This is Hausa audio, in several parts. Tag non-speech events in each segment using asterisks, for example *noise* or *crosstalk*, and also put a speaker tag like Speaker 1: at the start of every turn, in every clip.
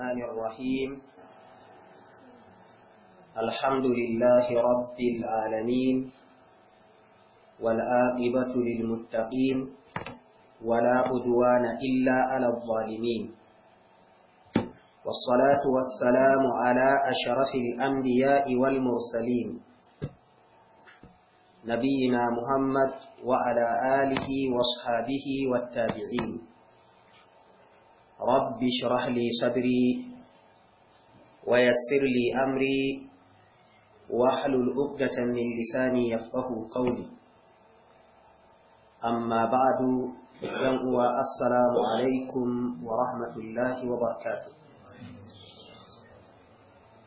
Speaker 1: الرحمن الرحيم الحمد لله رب العالمين والآقبة للمتقين ولا عدوان إلا على الظالمين والصلاة والسلام على أشرف الأنبياء والمرسلين نبينا محمد وعلى آله وصحابه والتابعين رب اشرح لي صدري ويسر لي أمري واحلل عقدة من لساني يفقه قولي أما بعد ينقوى السلام عليكم ورحمة الله وبركاته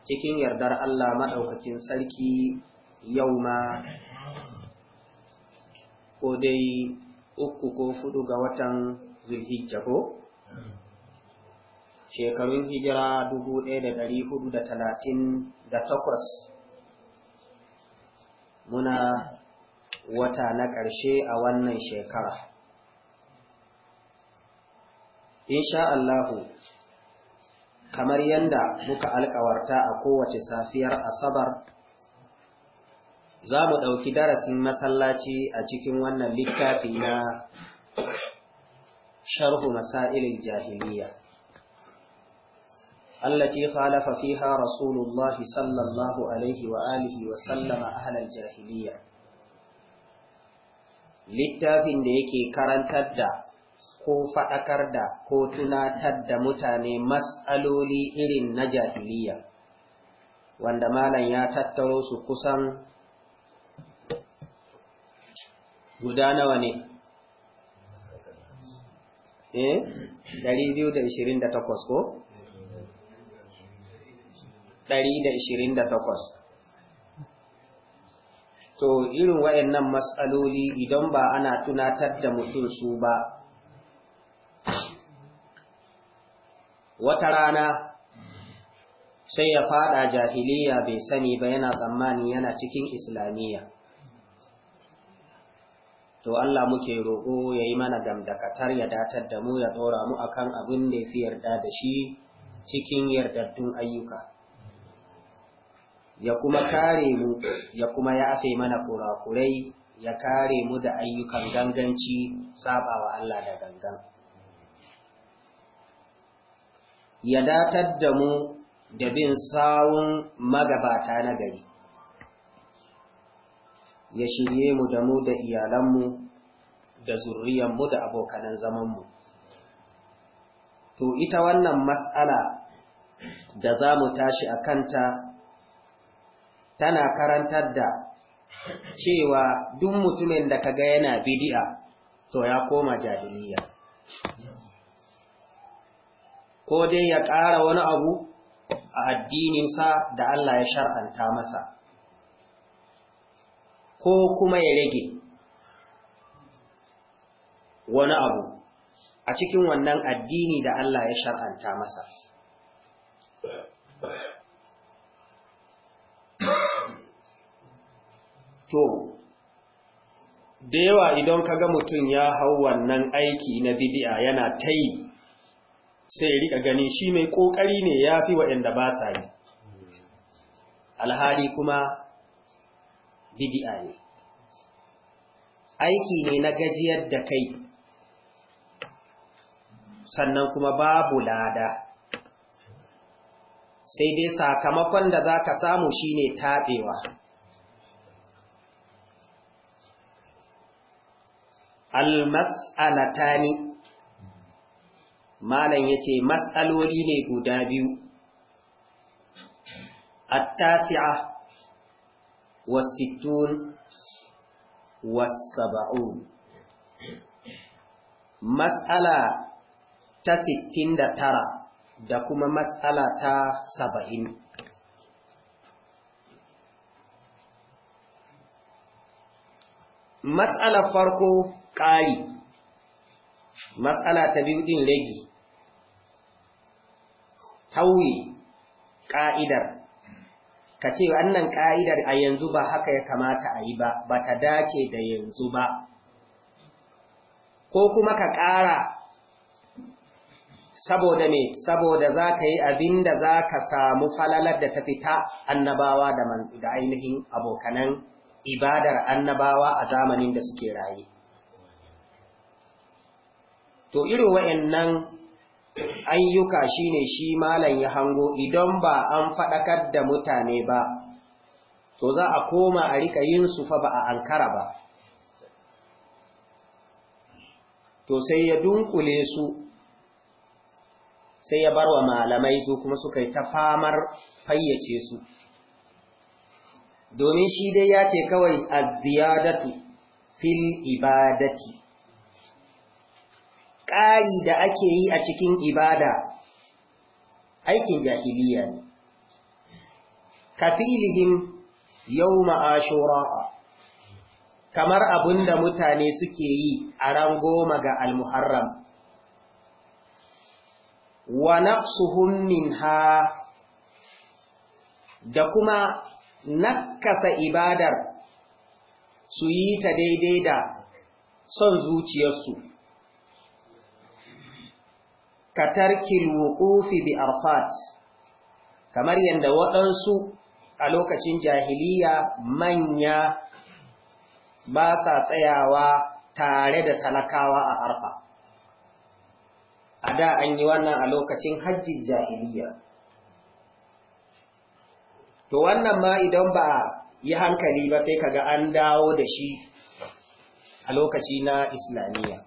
Speaker 1: cikin yardar Allah maɗaukakin sarki yau ma ko dai uku ko fudu ga watan zulhijja ko shekarun hijira da talatin 1438 muna wata na ƙarshe a wannan shekara insha Allahu kamar yadda muka alkawarta a kowace safiyar asabar za mu ɗauki darasin masallaci a cikin wannan littafi na sharhu masailin jahiliya التي خالف فيها رسول الله صلى الله عليه وآله وسلم أهل الجاهلية littafin da yake karantar da ko faɗakar da ko tunatar da mutane matsaloli irin na jahiliya wanda malam ya tattaro su kusan guda nawa ne eh 228 ko 128 to irin wayannan matsaloli idan ba ana tunatar da mutum su ba wata rana sai ya fada jahiliya bai sani ba yana tsammani yana cikin islamiyya to Allah muke roƙo ya yi mana gamdakatar ya datar da mu ya tsora mu akan abin da ya fi yarda da shi cikin yardattun ayyuka ya kuma kare mu ya kuma yafe mana kurakurai ya kare mu da ayyukan ganganci wa Allah da gangan ya datar da mu da bin sawun magabata na gari ya shirye mu da mu da iyalanmu da zurriyanmu da abokanan zamanmu to ita wannan matsala da za mu tashi a kanta tana karantar da cewa duk mutumin da kaga yana bidi'a to ya koma jahiliya ko dai ya ƙara wani abu a addininsa da Allah ya shar'anta masa ko kuma ya rage wani abu a cikin wannan addini da Allah ya shar'anta masa to da yawa idan ga mutum ya hau wannan aiki na bidiya yana ta yi sai ya riƙa gani shi mai ƙoƙari ne ya fi waɗanda ba sa yi alhali kuma bidiya ne aiki ne na gajiyar da kai sannan kuma babu lada sai dai sakamakon da za ka samu shine taɓewa almas'alatani malam yace, ce matsaloli ne guda biyu attasi'a wasittun wasaba'un matsala ta sittin da tara da kuma matsala ta saba'in matsalar farko ƙari matsala ta biyu ɗin legi tauye ƙa'idar ka ce wannan ƙa'idar a yanzu ba haka ya kamata a yi ba ba ta dace da yanzu ba ko kuma ka ƙara saboda me saboda za ka yi abin da za ka samu falalar da ta fita annabawa da ainihin abokanan ibadar annabawa a zamanin da suke raye to irin wa'annan ayyuka shine shi malam ya hango idan ba an faɗakar da mutane ba to za a koma a rika yin su fa ba a ankara ba to sai ya dunkule su sai ya barwa malamai su kuma suka yi ta famar fayyace su domin shi dai ya ce kawai a ziyadatu fil ibadati ƙari da ake yi a cikin ibada aikin jahiliya ne kafilihim yau ma'ashura'a kamar abin mutane suke yi a ran goma ga almuharram wa nafsuhum minha da kuma nakasa ibadar su yi ta daidai da son zuciyarsu ka tarkil bi arfat kamar yadda waɗansu a lokacin jahiliya manya ba sa tsayawa tare da talakawa a arfa a da an yi wannan a lokacin hajjin jahiliya to wannan ma idan ba yi hankali ba sai kaga an dawo da shi a lokaci na islamiyya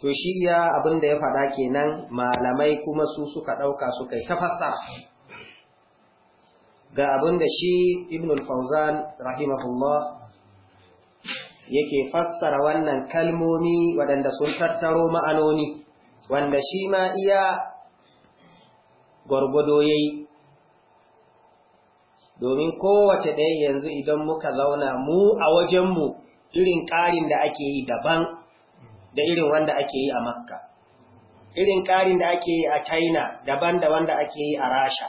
Speaker 1: to shi ya abin da ya faɗa kenan malamai kuma su suka ɗauka suka yi tafassara ga abin da shi ibn al-fawzan rahimahullah yake fassara wannan kalmomi waɗanda sun tattaro ma'anoni wanda shi ma iya gwargwado ya domin kowace ɗaya yanzu idan muka zauna mu a wajenmu irin ƙarin da ake yi daban da irin wanda ake yi a Makka, irin ƙarin da ake yi a China daban da wanda ake yi a Rasha,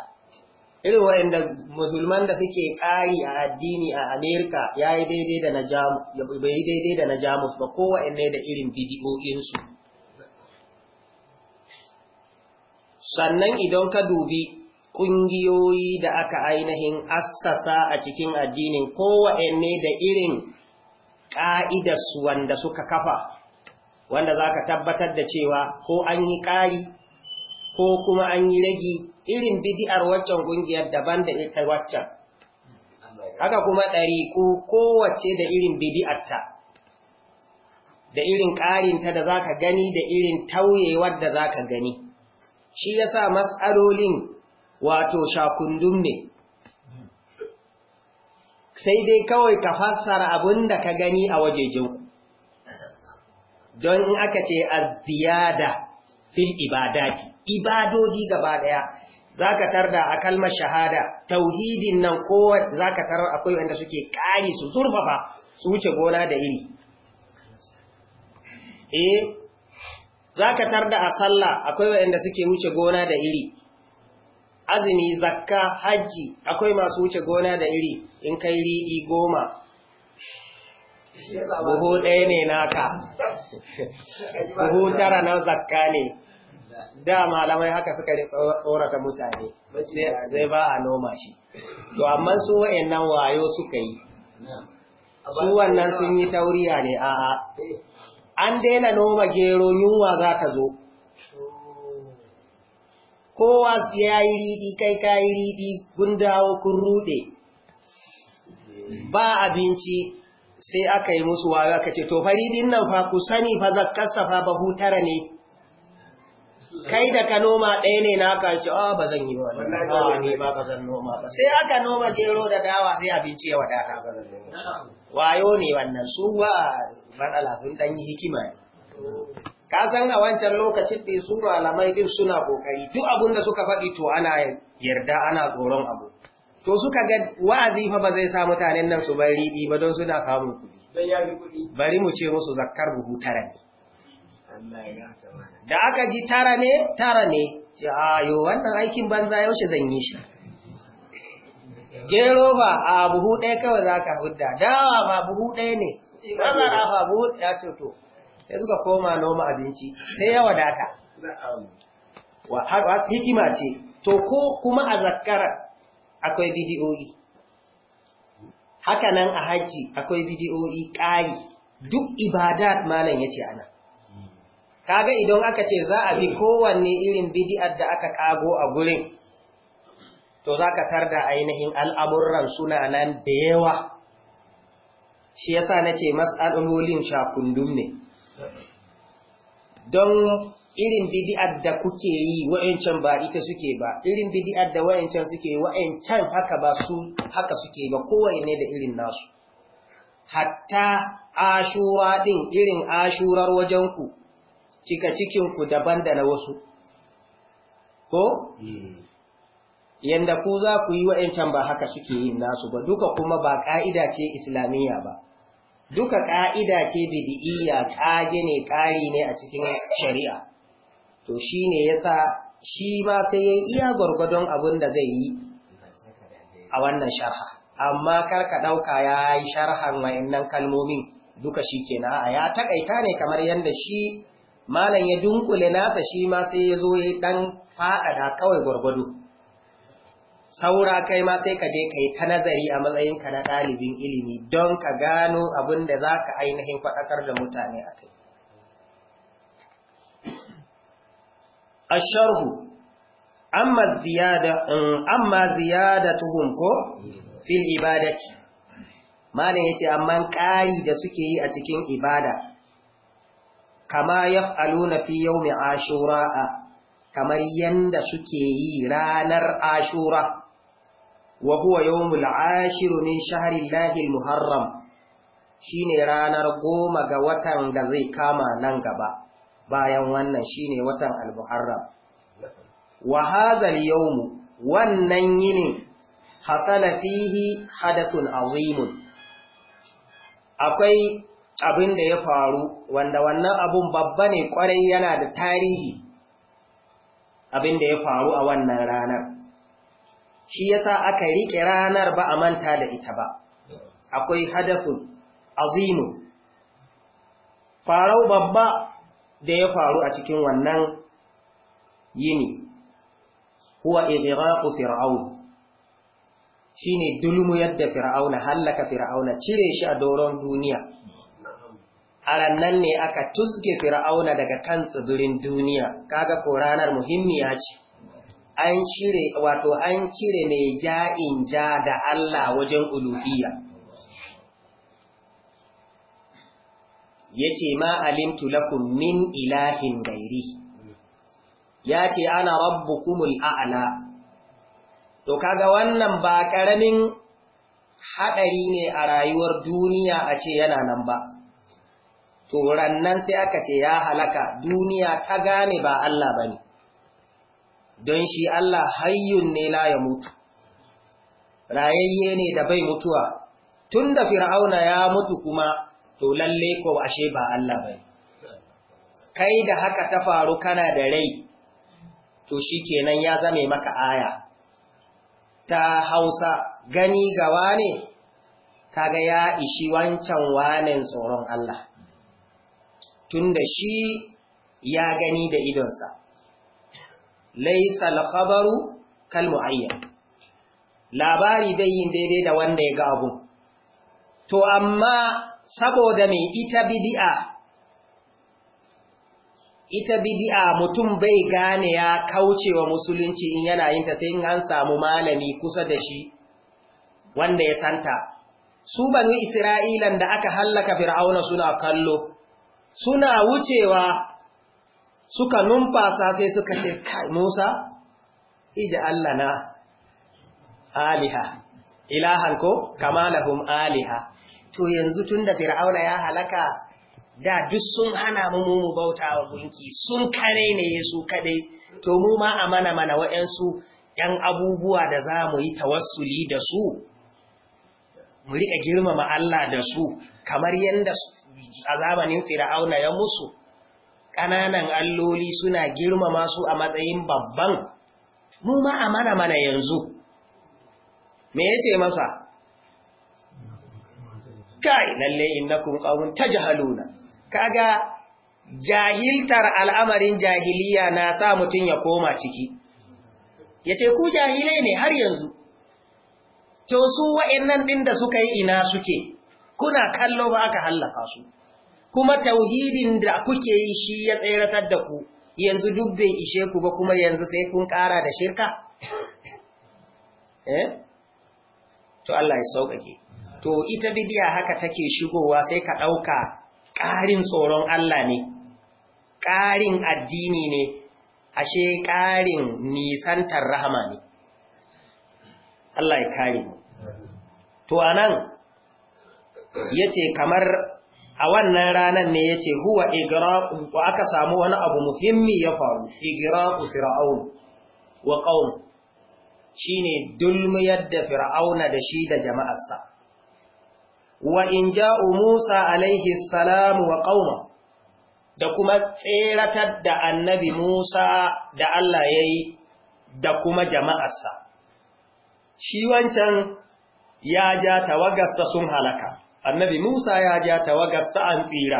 Speaker 1: irin waɗanda musulman da suke ƙari a addini a Amerika ya yi daidai da na Jamus, bai daidai da ba da irin bidiyoyinsu. Sannan idan ka dubi ƙungiyoyi da aka ainihin assasa a cikin addinin kowaɗanne da irin ƙa'idarsu wanda suka kafa. wanda za ka tabbatar da cewa ko an yi ƙari ko kuma an yi ragi irin bidiyar waccan ƙungiyar daban da ita waccan. Haka kuma ɗariƙu kowace da irin bidiyarta da irin ƙarinta da za ka gani da irin tauyewar da za ka gani. Shi ya sa matsalolin wato shakundun ne. Sai dai kawai ka fassara abin da ka gani a wajejinku. don in aka ce a ziyada fil ibadati ibadodi gaba daya ka tarda a kalmar shahada tauhidin nan za ka tarar akwai wanda suke kari su zurfafa su wuce gona da iri eh zaka tarda a sallah akwai wanda suke wuce gona da iri azumi zakka hajji, akwai masu wuce gona da iri in kai riɗi goma buhu ɗaya ne naka *laughs* buhu tara na zakka ne da malamai haka suka tsorata mutane zai ba a noma shi to amma su wa'annan wayo suka yi su wannan sun yi tauriya ne a eh. an daina noma gero yunwa za ta zo kowa ya yi riɗi kai ka yi riɗi kun kun ruɗe ba abinci sai aka yi musu wayo aka ce to fari din nan fa ku sani fa zakkasa fa bahu tara ne kai da ka noma ɗaya ne na ka ce a ah, ba zan yi ba a ne ba ka zan noma ba sai aka noma gero da dawa sai abinci ya wadata wayo ne wannan su ba matsala sun ɗan yi hikima ne ka san a wancan lokacin ɗin su malamai din suna kokari duk abin da suka faɗi to ana yarda ana tsoron abu to suka ga wa'azi fa ba zai sa mutanen nan su bari riɗi ba don suna samun kuɗi bari mu ce musu zakkar buhu tara ne da aka ji tara ne tara ne ce a yo wannan aikin banza yaushe zan yi shi gero ba a buhu ɗaya kawai za ka hudda dawa ba buhu ɗaya ne mazara ba buhu ɗaya to sai suka koma noma abinci sai ya wadata wa hikima ce to ko kuma a zakara akwai bidiyoyi haka nan a hajji akwai bidiyoyi ƙari duk ibadat malam ya ce ana kaga idan aka ce za a bi kowanne irin bidiyar da aka kago a gurin to za ka tarda ainihin al’amurran suna nan da yawa shi yasa na ce matsalolin shakundum ne don irin bidi'ar da kuke yi wa'ancan ba ita suke ba irin bidi'ar da wa'ancan suke wa'ancan haka ba su haka suke ba ne da irin nasu hatta ashura din irin ashurar wajenku cika cikinku daban da na wasu ko hmm. yanda ku za ku yi wa'ancan ba haka suke yin nasu ba duka kuma ba ka'ida ce islamiyya ba duka ka'ida ce bidi'iyya ƙage ne ƙari ne a cikin shari'a to shi ne ya sa shi ma sai ya iya gwargwadon abin da zai yi a wannan sharha amma karka ɗauka ya yi sharhan nan kalmomin duka shi ke na'a ya taƙaita ne kamar yadda shi malam ya dunkule nasa shi ma sai ya zo ya ɗan faɗaɗa kawai gwargwado saura kai ma sai ka je ka yi ta nazari a matsayinka na ɗalibin ilimi don ka gano abin da za ka ainihin faɗakar da mutane a kai asharhu amma ziyada amma ziyadatuhum ko fil ibadati malam yace amma ƙari da suke yi a cikin ibada kama yaf'aluna fi yawmi ashura kamar yanda suke yi ranar ashura wa huwa yawmul ashir min shahri lahil muharram shine ranar goma ga watan da zai kama nan gaba bayan wannan shine watan al-muharram wa hadhal yawm wannan yini hasala fihi hadathun azimun akwai abin da ya faru wanda wannan abun babba ne kwarai yana da tarihi abin da ya faru a wannan ranar shi yasa aka rike ranar ba a manta da ita ba akwai hadathun azimun farau babba da ya faru a cikin wannan yini huwa ighraqu fir'aun shine dulmu yadda fir'auna hallaka fir'auna cire shi a doron duniya arannan ne aka tusge fir'auna daga kan tsibirin duniya kaga ko ranar muhimmiya ce an cire wato an cire mai ja'in ja da Allah wajen uluhiyya yace ma alimtu lakum min ilahin gairi yace ana rabbukumul a'la to kaga wannan ba karamin hadari ne a rayuwar duniya a ce yana nan ba to rannan sai aka ce ya halaka duniya ta gane ba Allah bane don shi Allah hayyun ne la ya mutu rayayye ne da bai mutuwa tunda fir'auna ya mutu kuma to lalle ko ashe ba Allah bai kai da haka ta faru kana da rai to shi kenan ya zame maka aya ta Hausa gani gawa ne kaga ya ishi wancan wanen tsoron Allah tunda shi ya gani da idonsa laisa al-khabaru kal muayyan labari bai yin daidai da wanda ya ga abu to amma saboda mai ita bidi'a ita bidi'a mutum bai gane ya kaucewa musulunci in yana yin ta sai in an samu malami kusa da shi wanda ya santa su banu isra'ilan da aka hallaka fir'auna suna kallo suna wucewa suka numfasa sai suka ce kai Musa ija Allah na aliha ilahan ko kama aliha to yanzu tun da fir'auna ya halaka da duk sun hana mu mu bauta wa gunki sun kare ne yesu kadai to mu ma a mana mana ‘yan abubuwa da za mu yi tawassuli da su mu riƙa girmama Allah da su kamar yadda a zamanin fir'auna ya musu ƙananan alloli suna girmama su a matsayin babban mu ma a mana mana yanzu me yace masa kai lalle innakum qawmun tajhaluna kaga jahiltar al'amarin jahiliya na sa mutun ya koma ciki yace ku jahilai ne har yanzu to su wa'annan din da suka yi ina suke kuna kallo ba aka hallaka su kuma tauhidin da kuke yi shi ya tseratar da ku yanzu duk bai ishe ku ba kuma yanzu sai kun kara da shirka *laughs* eh to Allah ya sauƙaƙe to ita bidiya haka take shigowa sai ka ɗauka ƙarin tsoron Allah ne ƙarin addini ne ashe ƙarin nisantar rahama ne Allah ya kare mu to anan yace kamar a wannan ranan ne yace huwa igra'u ko aka samu wani abu muhimmi ya faru igra'u fir'aun wa qaum shine dulmiyar da fir'auna da shi da jama'arsa wa in ja'u Musa alaihi salamu wa qauma da kuma tseratar da annabi Musa da Allah ya yi da kuma jama'arsa. Shi wancan ya ja tawagarsa sun halaka, annabi Musa ya ja tawagarsa an tsira,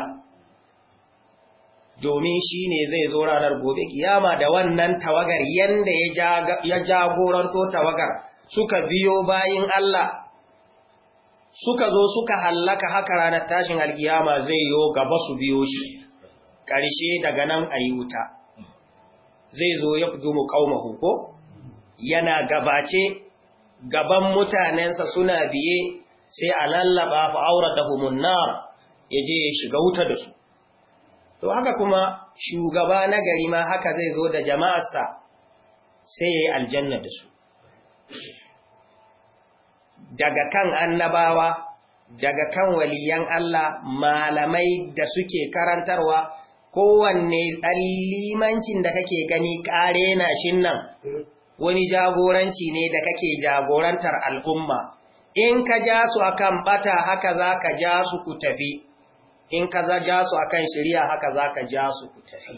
Speaker 1: domin shi ne zai zo ranar gobe kiyama da wannan tawagar yadda ya jagoranto tawagar suka biyo bayin Allah suka zo suka hallaka haka ranar tashin alkiyama zai yo gaba su biyo shi ƙarshe daga nan a yi wuta zai zo ya fi dumu ƙaumahu hukum? yana gabace gaban mutanensa suna biye sai a lallaba aurar da humunnar ya je ya shiga wuta da su to haka kuma shugaba na gari ma haka zai zo da jama'arsa sai ya yi aljanna da su daga kan annabawa daga kan waliyan Allah malamai da suke karantarwa kowanne ɗan limancin da kake gani kare na shin nan wani jagoranci ne da kake jagorantar al'umma in ka ja su akan bata haka za ka ja su ku tafi in ka ja su akan shirya haka za ka ja su ku tafi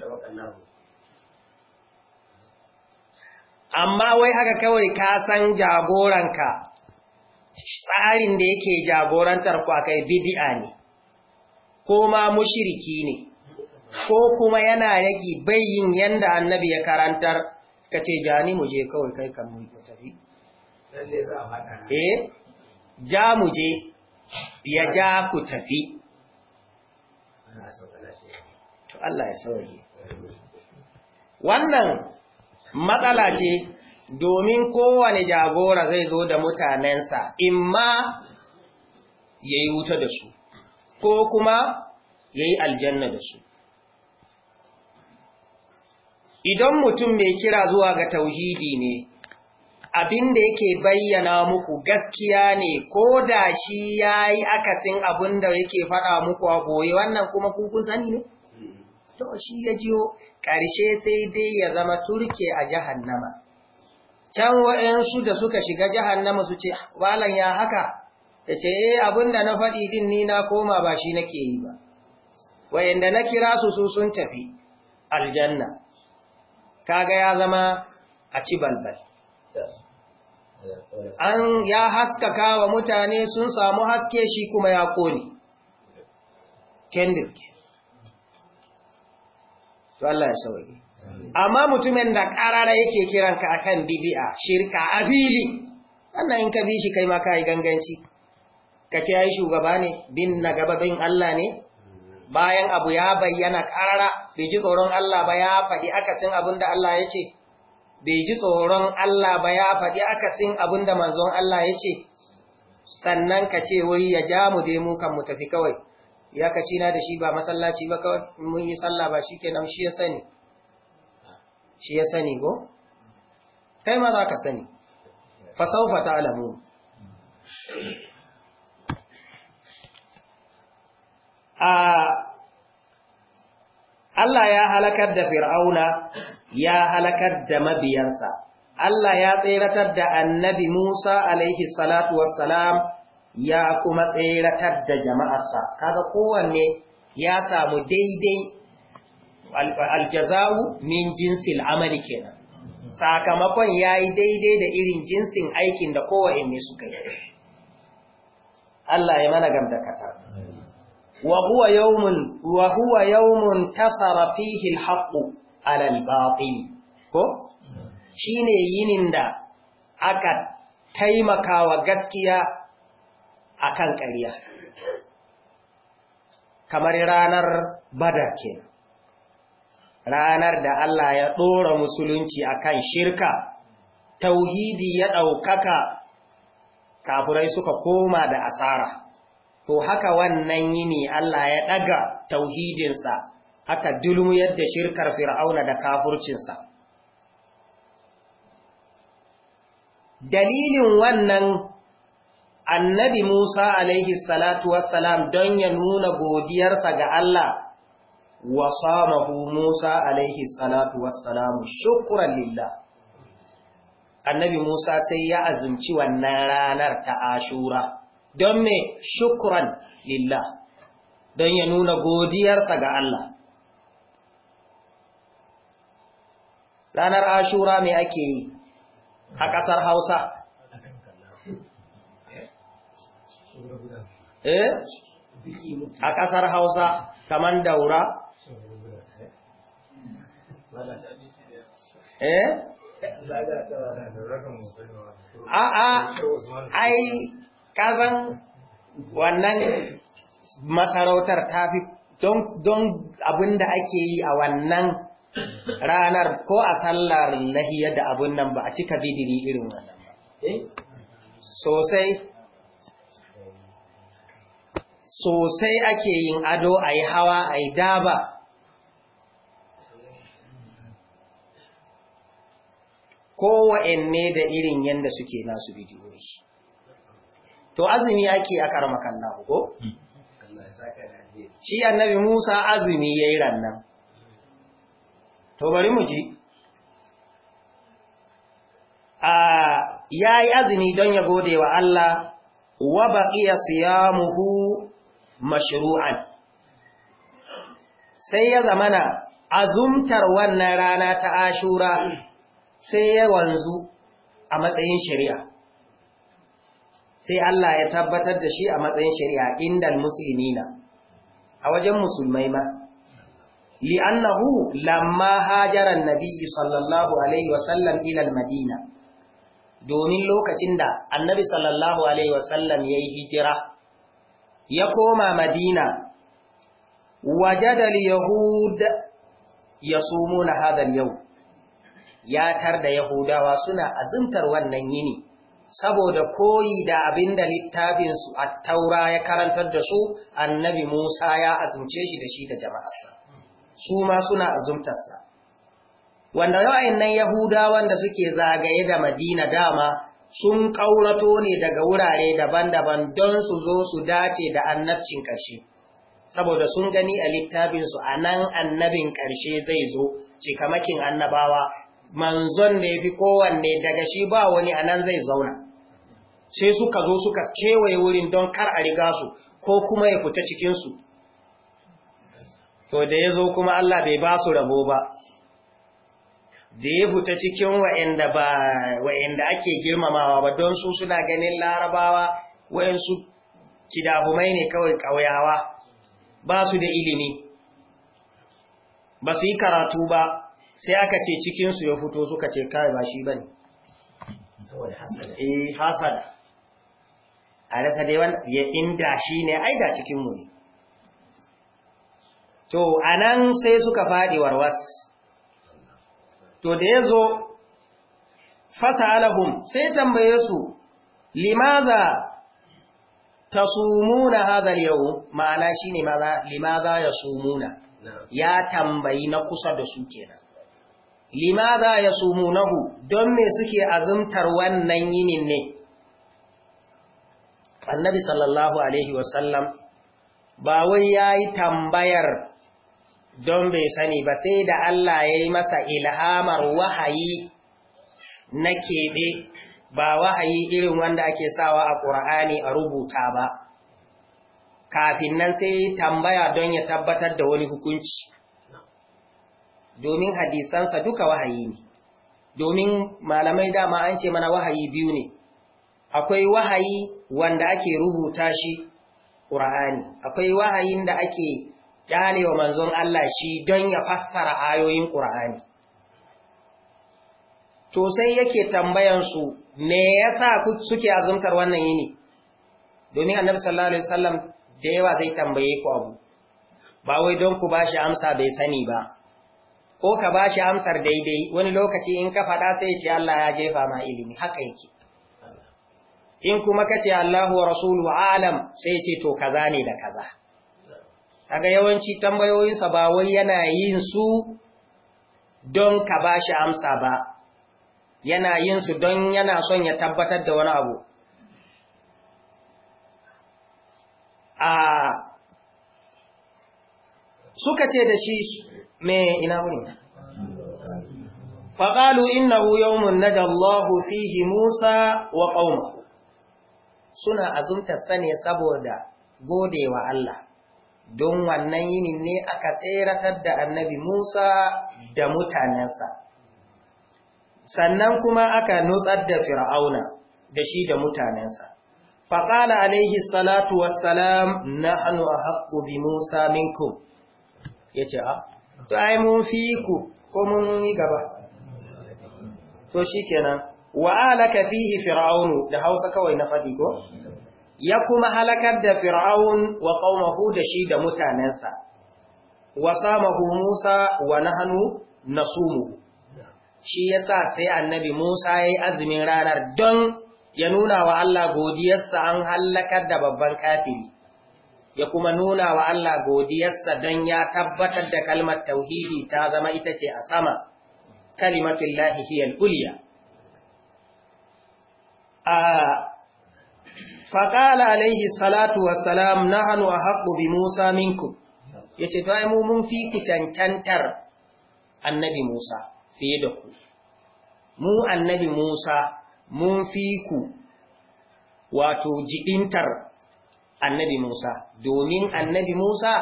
Speaker 1: amma wai haka kawai ka san jagoranka tsarin da yake jagorantar ku akai bid'a ne ko ma mushriki ne ko kuma yana yaki yin yanda annabi ya karantar kace jani mu je kawai kai kan mu tafi eh ja mu ya ja ku tafi to Allah ya sauke wannan matsala ce domin kowane jagora zai zo da mutanensa in ma ya yi wuta da su ko kuma ya yi aljanna da su idan mutum mai kira zuwa ga tauhidi ne abin da yake bayyana muku gaskiya ne ko da shi ya yi akasin abin da yake faɗa muku a goyi wannan kuma kukun sani ne? Hmm. To shi ya jiyo ƙarshe sai dai ya zama turke a nama can wa'yansu da suka shiga jahannama su ce walan ya haka ya ce eh, abin da na faɗi din ni na koma ba shi nake yi ba wa'yanda na kira su su sun tafi aljanna kaga ya zama a ci balbal an ya haskaka wa mutane sun samu haske shi kuma ya ƙone ya amma mutumin da ƙarara yake kiranka akan bidi'a shirka a fili wannan in ka bi shi kai ma ka yi ganganci ka ce ya yi shugaba ne bin na gaba bin Allah ne bayan abu ya bayyana ƙarara bai ji tsoron Allah ba ya faɗi akasin abin da Allah ya ce bai ji tsoron Allah ba ya faɗi akasin abin da manzon Allah ya ce sannan ka ce wai ya ja mu dai mu kan mu tafi kawai ya kaci na da shi ba masallaci ba kawai mun yi sallah ba shikenan shi ya sani shi ya sani go kai ma za ka sani fasaufa ta alamu Allah ya halakar da fir'auna ya halakar da mabiyansa Allah ya tseratar da annabi Musa alaihi salatu wassalam ya kuma tseratar da jama'arsa kaga kowanne ya samu daidai Aljazaru min jinsil amali kenan sakamakon yayi daidai da irin jinsin aikin da kowanne suka yi Allah ya mana gamdakata wa huwa yawmun wa huwa yawmun tasara fihi alhaqqu ala albatil ko shine yinin da aka taimakawa gaskiya akan ƙarya kamar ranar badar kenan ranar da Allah ya ɗora musulunci akan shirka tauhidi ya ɗaukaka kafurai suka koma da asara to haka wannan yini Allah ya ɗaga tauhidinsa haka dulmu yadda shirkar fir'auna da kafurcinsa dalilin wannan annabi Musa a.s. don ya nuna godiyarsa ga Allah wa samahu Musa alaihi salatu wassalamu shukran lillah annabi Musa sai ya azumci wannan ranar ta Ashura don me shukran lillah don ya nuna godiyarsa ga Allah ranar Ashura me ake yi a ƙasar Hausa eh a ƙasar Hausa kaman daura eh a'a ai kazan wannan masarautar ta fi don abin da ake yi a wannan ranar ko a sallar lahiya da abin nan ba a cika bidiri irin wannan ba eh? sosai sosai ake yin ado a yi hawa a yi daba kowanne da irin yadda suke nasu bidiyoyi to azumi ake a karmakan lahu ko shi annabi musa azumi ya yi rannan to bari mu ji ya yi azumi don ya gode wa Allah wa baƙiya siyamuhu mashru'an sai ya zamana azumtar wannan rana ta ashura sai ya wanzu a matsayin shari'a sai Allah ya tabbatar da shi a matsayin shari'a indal musulmina a wajen musulmai ma li'annahu lamma hajara annabi sallallahu alaihi wasallam ila madina domin lokacin da annabi sallallahu alaihi wasallam yayi hijira ya koma madina wajada al-yahud yasumuna hadha al ya tar da Yahudawa suna azumtar wannan yini, saboda koyi da abin da littafinsu a taura ya karantar da su annabi Musa ya azumce shi da shi da jama'arsa, su ma suna azumtarsa. Wanda yawayin nan Yahudawan wanda suke zagaye da Madina dama sun ƙaurato ne daga wurare daban-daban don su zo su dace da annabcin ƙarshe. saboda sun gani a littafinsu a nan annabin ƙarshe zai zo cikamakin annabawa manzon ne fi kowanne daga shi ba wani anan zai zauna sai suka zo suka kewaye wurin don kar a riga su ko kuma ya fita cikinsu to da ya zo kuma Allah bai ba su rabo ba da ya fita cikin wa'inda ake girmamawa ba don su suna ganin larabawa wa'insu kidahumai ne kawai ƙauyawa ba su da ilimi ba su yi karatu ba sai aka ce cikinsu ya fito suka ce kawai ba shi ba ne eh hasada a rasa dai wanda ya inda shi ne ai da cikinmu ne to a nan sai suka faɗi warwas to da ya zo fasa alahun sai tambaye su limaza ta sumuna hazar yau ma'ana shi ne limaza ya sumuna ya tambayi na kusa da su kenan limaza ya sumunahu don me suke azumtar wannan yinin ne annabi sallallahu alaihi wasallam ba wai ya yi tambayar don bai sani ba sai da Allah ya yi masa ilhamar wahayi na keɓe ba wahayi irin wanda ake sawa a ƙura'ani a rubuta ba kafin nan sai tambaya don ya tabbatar da wani hukunci domin hadisansa duka wahayi ne domin malamai dama an ce mana wahayi biyu ne akwai wahayi wanda ake rubuta shi ƙura'ani akwai wahayin da ake wa manzon Allah shi don ya fassara ayoyin ƙura'ani to sai yake tambayansu me yasa suke azumtar wannan yini domin annabi sallallahu alaihi wasallam da yawa zai tambaye ku abu ba wai don ku ba shi amsa bai sani ba ko ka ba shi amsar daidai wani lokaci in ka faɗa sai ce Allah ya jefa ma ilimi haka yake in kuma ka ce Allahu wa rasulu alam sai ce to kaza ne da kaza kaga yawanci tambayoyinsa ba wai yana yin su don ka ba shi amsa ba yana yin su don yana son ya tabbatar da wani abu a ah, suka ce da shi me ina muni faƙalu innahu yawmun najallahu fihi musa wa ƙauma suna azumta sane saboda godewa Allah don wannan yinin ne aka tseratar da annabi musa da mutanensa sannan kuma aka nutsar da fir'auna da shi da mutanensa faƙala alaihi salatu wassalam na hannu a haƙƙo bi musa minkum ya ce a ah, to ai mun fi ku ko mun yi gaba to shikenan wa alaka fihi fir'aunu da Hausa kawai na fadi ko ya kuma halakar da fir'aun wa qaumahu da shi da mutanensa wa samahu Musa wa nahnu nasumu shi yasa sai annabi Musa yayi azumin ranar don ya nuna wa Allah godiyarsa an halakar da babban kafiri ya kuma nuna wa Allah godiyarsa don ya tabbatar da kalmar tauhidi ta zama ita ce a sama, kalimatun lahihiyar kuliya. A faƙala alaihi salatu wassalam na hannu a haƙo bi Musa minku, ya ce, Ta mu mun fi ku cancantar annabi Musa fiye da ku, mu annabi Musa mun fi ku wato jiɗintar annabi Musa domin annabi Musa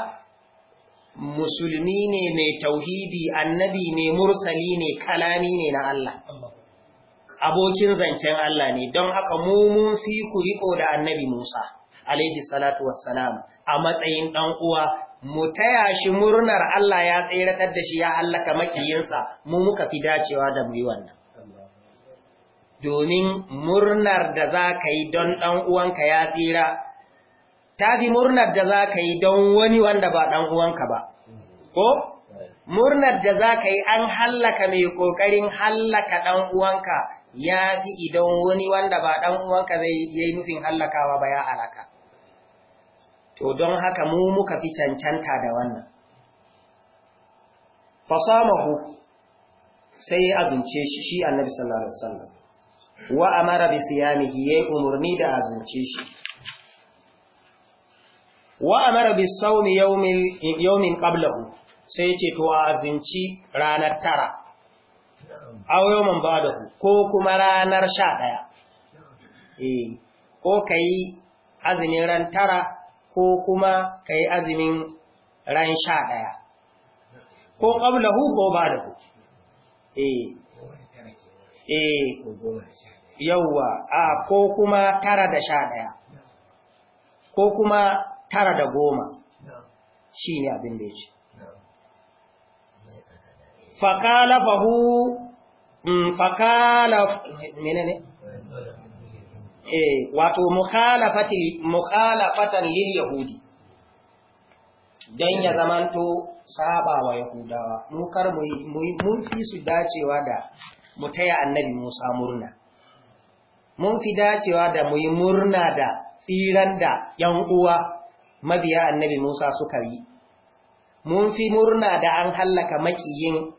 Speaker 1: musulmi ne mai tauhidi annabi ne mursali ne kalami ne na Allah abokin zancen Allah ne don haka mu mun fi ku riko da annabi Musa alaihi salatu wassalam a matsayin dan uwa mu taya shi murnar Allah ya tsiratar da shi ya hallaka makiyinsa mu muka fi dacewa da mu yi wannan domin murnar da za ka yi don ɗan uwanka ya tsira ta fi murnar da za ka yi don wani wanda ba ɗan uwanka ba, ko? Murnar da za ka yi an hallaka mai ƙoƙarin hallaka ɗan uwanka ya fi idan wani wanda ba ɗan uwanka zai yi nufin hallakawa ba ya halaka. To don haka mu muka fi cancanta da wannan. Fasamahu sai ya azince shi shi annabi sallallahu Alaihi wasallam, wa amara bi siyamihi ya yi umarni da azince shi. wa amara bi saumi yawmin qablahu sai ce to azinci ranar tara aw yawman ba'dahu ko kuma ranar 11 eh ko kai azumin ran tara ko kuma kai azumin ran 11 ko qablahu ko ba'dahu eh eh yauwa a ko kuma tara da sha ɗaya ko kuma tara da goma shi ne abin da ya ce mm, Fakala fahu ne? menene eh, wato mukhalafatan lil yahudi don ya zamanto saba wa yahudawa mu mun fi su dacewa da mu taya annabi musa murna mun fi dacewa da mu yi murna da tsiran da yan uwa mabiya annabi Musa suka yi mun fi murna da an hallaka makiyin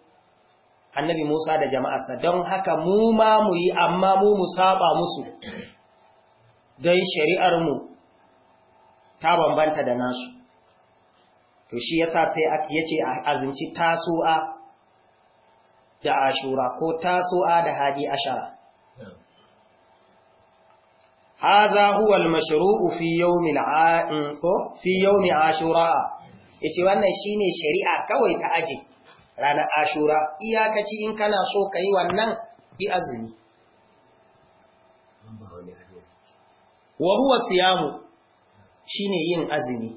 Speaker 1: annabi Musa da jama'arsa don haka mu ma mu yi amma mu mu saba musu don shari'ar mu ta bambanta da nasu to shi yasa sai yace azumci tasu'a da ashura ko tasu'a da hadi ashara haza huwa al-mashru'u fi yawmi al fi yawmi ashura yace wannan shine shari'a kawai ta aje ranar ashura iyakaci in kana so kai wannan bi azumi wa huwa siyamu shine yin azumi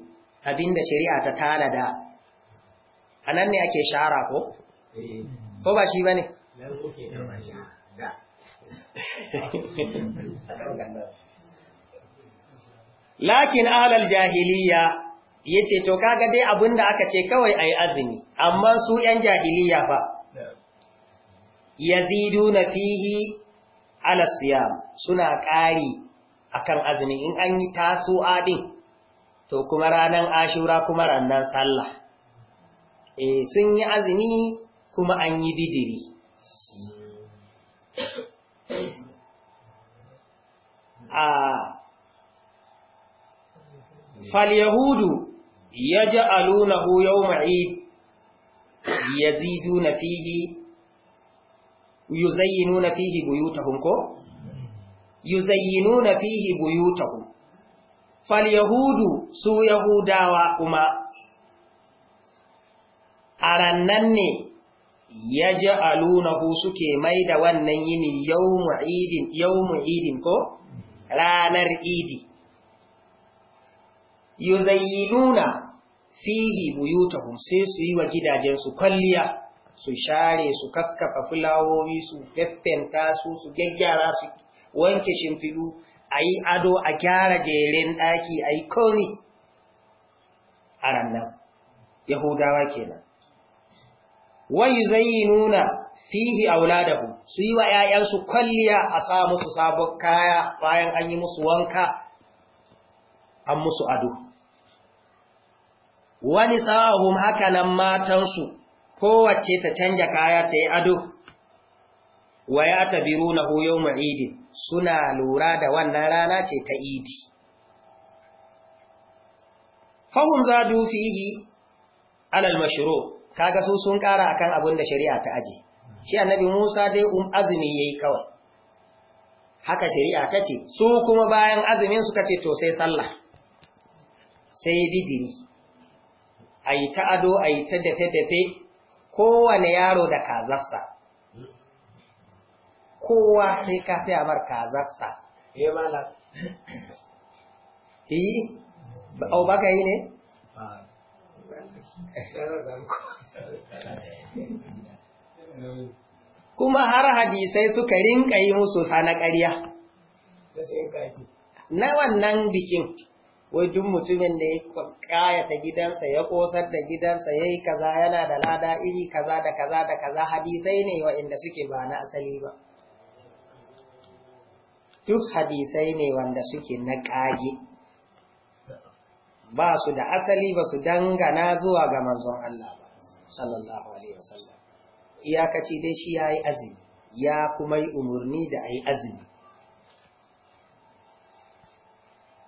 Speaker 1: abinda shari'a ta tanada anan ne ake shara ko ko ba shi bane lakin alal jahiliya yace to kaga dai da aka ce kawai ayi azumi amma su yan jahiliya fa yaziduna fihi ala siyam suna ƙari akan azumi in an yi tasu'a din to kuma ranan ashura kuma ranan sallah eh sun yi azumi kuma an yi bidiri a ah, falyahudu ya ja'alunahu yawma eid yaziduna fihi yuzayyinuna fihi buyutahum ko yuzayyinuna fihi buyutahum falyahudu su yahudawa kuma A rannan ne ya ja'alunahu suke mai da wannan yini yawmu idin ko ranar idi yuzayyinuna fihi buyutahum sai su yi wa gidajensu kwalliya su share su kakkafa fulawowi su feffenta su su gyaggyara su wanke shimfiɗu a yi ado a gyara jerin ɗaki a yi komi a rannan yahudawa kenan wai zai fihi auladahu su yi wa ‘ya'yansu kwalliya a sa musu sabon kaya bayan an yi musu wanka an musu ado wani tsawahun haka nan matansu kowace ta canja kaya ta yi ado, wa ya tabiru na huyo ma'idin suna lura da wannan rana ce ta idi. Fahun za yi alal mashiro, kaga su sun ƙara akan abin da shari'a ta aji, shi annabi Musa dai um azumi ya yi kawai. Haka shari'a ta ce, su kuma bayan azumin suka ce to sai sallah, sai bidiri. a yi ta ado a yi ta dafe-dafe kowane yaro da kazarsa kowa sai ka fi amar kazarsa eh, yi au baka yi ne? kuma har hadisai suka rinka yi musu na ƙarya na wannan bikin wai duk mutumin da ya kayata gidansa ya kosar da gidansa ya yi kaza yana da lada iri kaza da kaza da kaza hadisai ne wa'inda suke ba na asali ba duk hadisai ne wanda suke na ƙage ba su da asali ba su dangana zuwa ga manzon Allah ba sallallahu alaihi wasallam iyakaci dai shi yayi azumi ya kuma yi umurni da ai azumi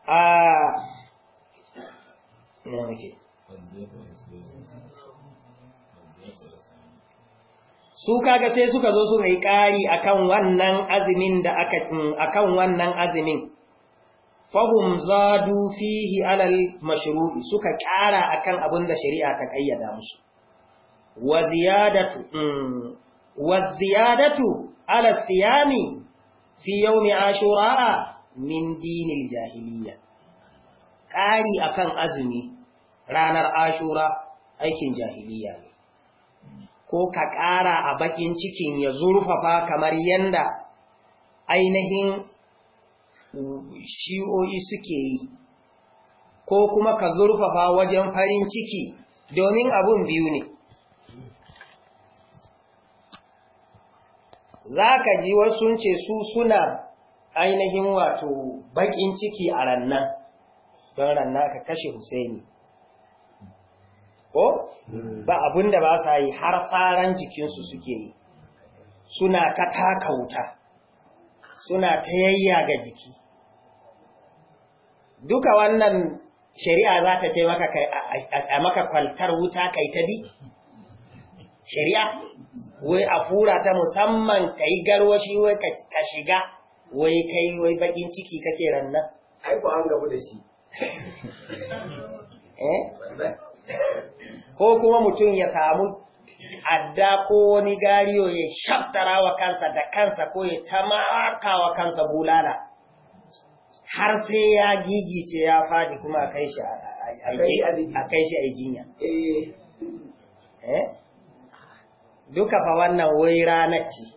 Speaker 1: a ah, su kaga sai suka zo suka yi ƙari akan wannan azumin da aka mm, akan wannan azumin fahum zadu fihi alal mashru'i suka ƙara akan abin da shari'a ta kayyada musu wa ziyadatu mm, wa ziyadatu ala siyami fi yawmi ashura'a min dinil jahiliya ƙari akan azumi ranar ashura aikin jahiliya ne ko ka ƙara a bakin cikin ya zurfafa kamar yanda ainihin shi'o'i suke yi ko kuma ka zurfafa wajen farin ciki domin abun biyu ne za ka ji wasu ce su suna ainihin wato bakin ciki a rannan don ranna ka kashe Husaini ko hmm. ba abin da ba sa yi har tsaran jikinsu suke yi suna ta takauta suna ta ga jiki duka wannan shari'a za ta ce a maka kwaltar wuta kai ta bi shari'a wai a fura ta musamman ka yi garwashi wai ka shiga wai kai wai bakin ciki kake rannan ai an gabu da shi *laughs* eh ko kuma mutum ya samu adda ko wani gariyo ya shaftara wa kansa da kansa ko ya tamaka wa kansa bulala har sai ya gigice ya fadi kuma a kai shi a jinya duka fa wannan wai ranar ce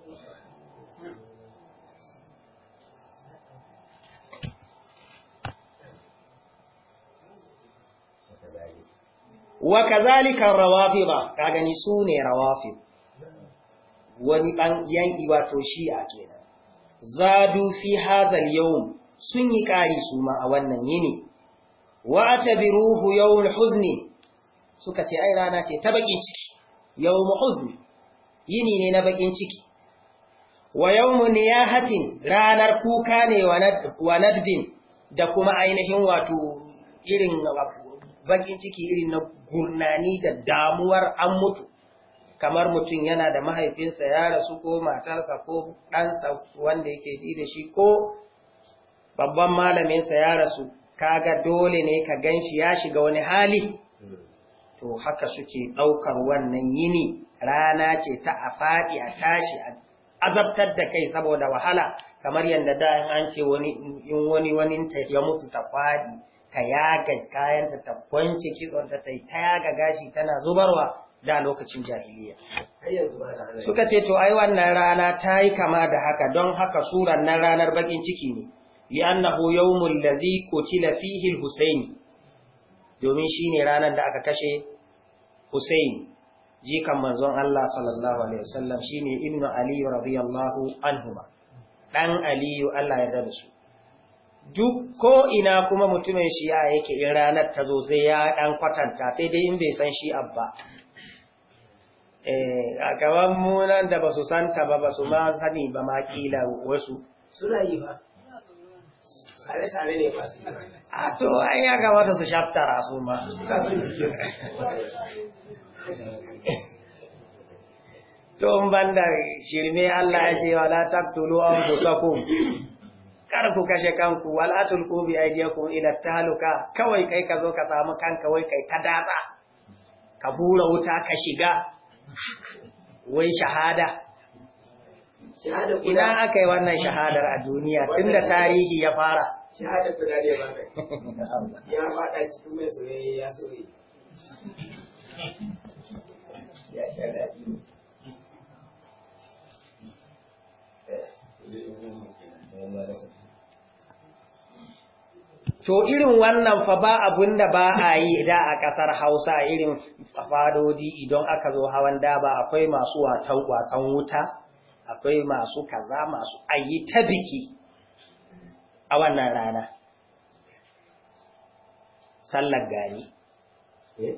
Speaker 1: wa kazalika rawafida ka gani sune ne rawafid wani dan yayi wato shi'a kenan zadu fi hadhal yawm sun yi kari su ma a wannan yini wa atabiruhu yawm huzni suka ce ai rana ce ta bakin ciki yawm huzni yini ne na bakin ciki wa yawm niyahatin ranar kuka ne wa nadbin da kuma ainihin wato irin bakin ciki irin na gurnani da damuwar an mutu kamar mutum yana da mahaifinsa ya rasu ko matarsa ko ɗansa wanda yake ji da shi ko babban malaminsa ya rasu kaga dole ne ka gan shi ya shiga wani hali to haka suke ɗaukar wannan yini rana ce ta a faɗi a tashi a azabtar da kai saboda wahala kamar yadda da an ce wani in wani ta ya mutu ta faɗi ta yaga kayanta ta kwance kitsonta ta yi ta yaga gashi tana zubarwa da lokacin jahiliya suka ce to ai wannan rana ta yi kama da haka don haka suran nan ranar bakin ciki ne li'annahu yawmul ladhi qutila fihi al Husaini domin shi ne ranar da aka kashe ji jikan manzon Allah sallallahu alaihi wasallam shine rabi Aliyu an huma, ɗan aliyu Allah ya da su duk ko ina kuma mutumin shi'a yake in ranar ta zo zai ya ɗan kwatanta sai dai in bai san shi'a ba eh, a gaban munan da ba su santa ba ba su ma sani ba ma ƙila wasu suna yi ba sare-sare ne ba a to an ya kamata su shaftara su ma to ban da shirme Allah ya ce wa an su anfusakum kar ku kashe kanku wala tulqu bi aydiyakum ila tahluka kawai kai ka zo ka samu kanka wai kai ta datsa ka bura wuta ka shiga wai shahada ina aka yi wannan shahadar a duniya tunda tarihi ya fara shahada ta dare ba ya fada cikin mai soyayya ya soye ya shahada Thank you. to irin wannan fa ba abun da ba a yi da a ƙasar hausa irin fadodi idan aka zo hawan daba akwai masu wasan wuta akwai masu kaza masu ayi ta biki a wannan rana sallar gani eh?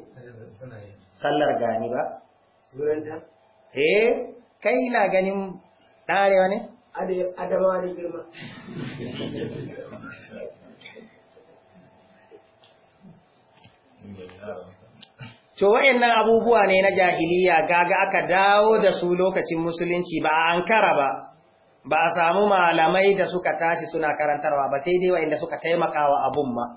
Speaker 1: sallar gani ba eh kai ina ganin ɗarewa ne Adama ne girma *laughs* To wayannan abubuwa ne na jahiliya gaga aka dawo da su lokacin musulunci ba a ankara ba, ba a samu malamai da suka tashi suna karantarwa ba sai dai wa'anda suka taimaka wa abun ma.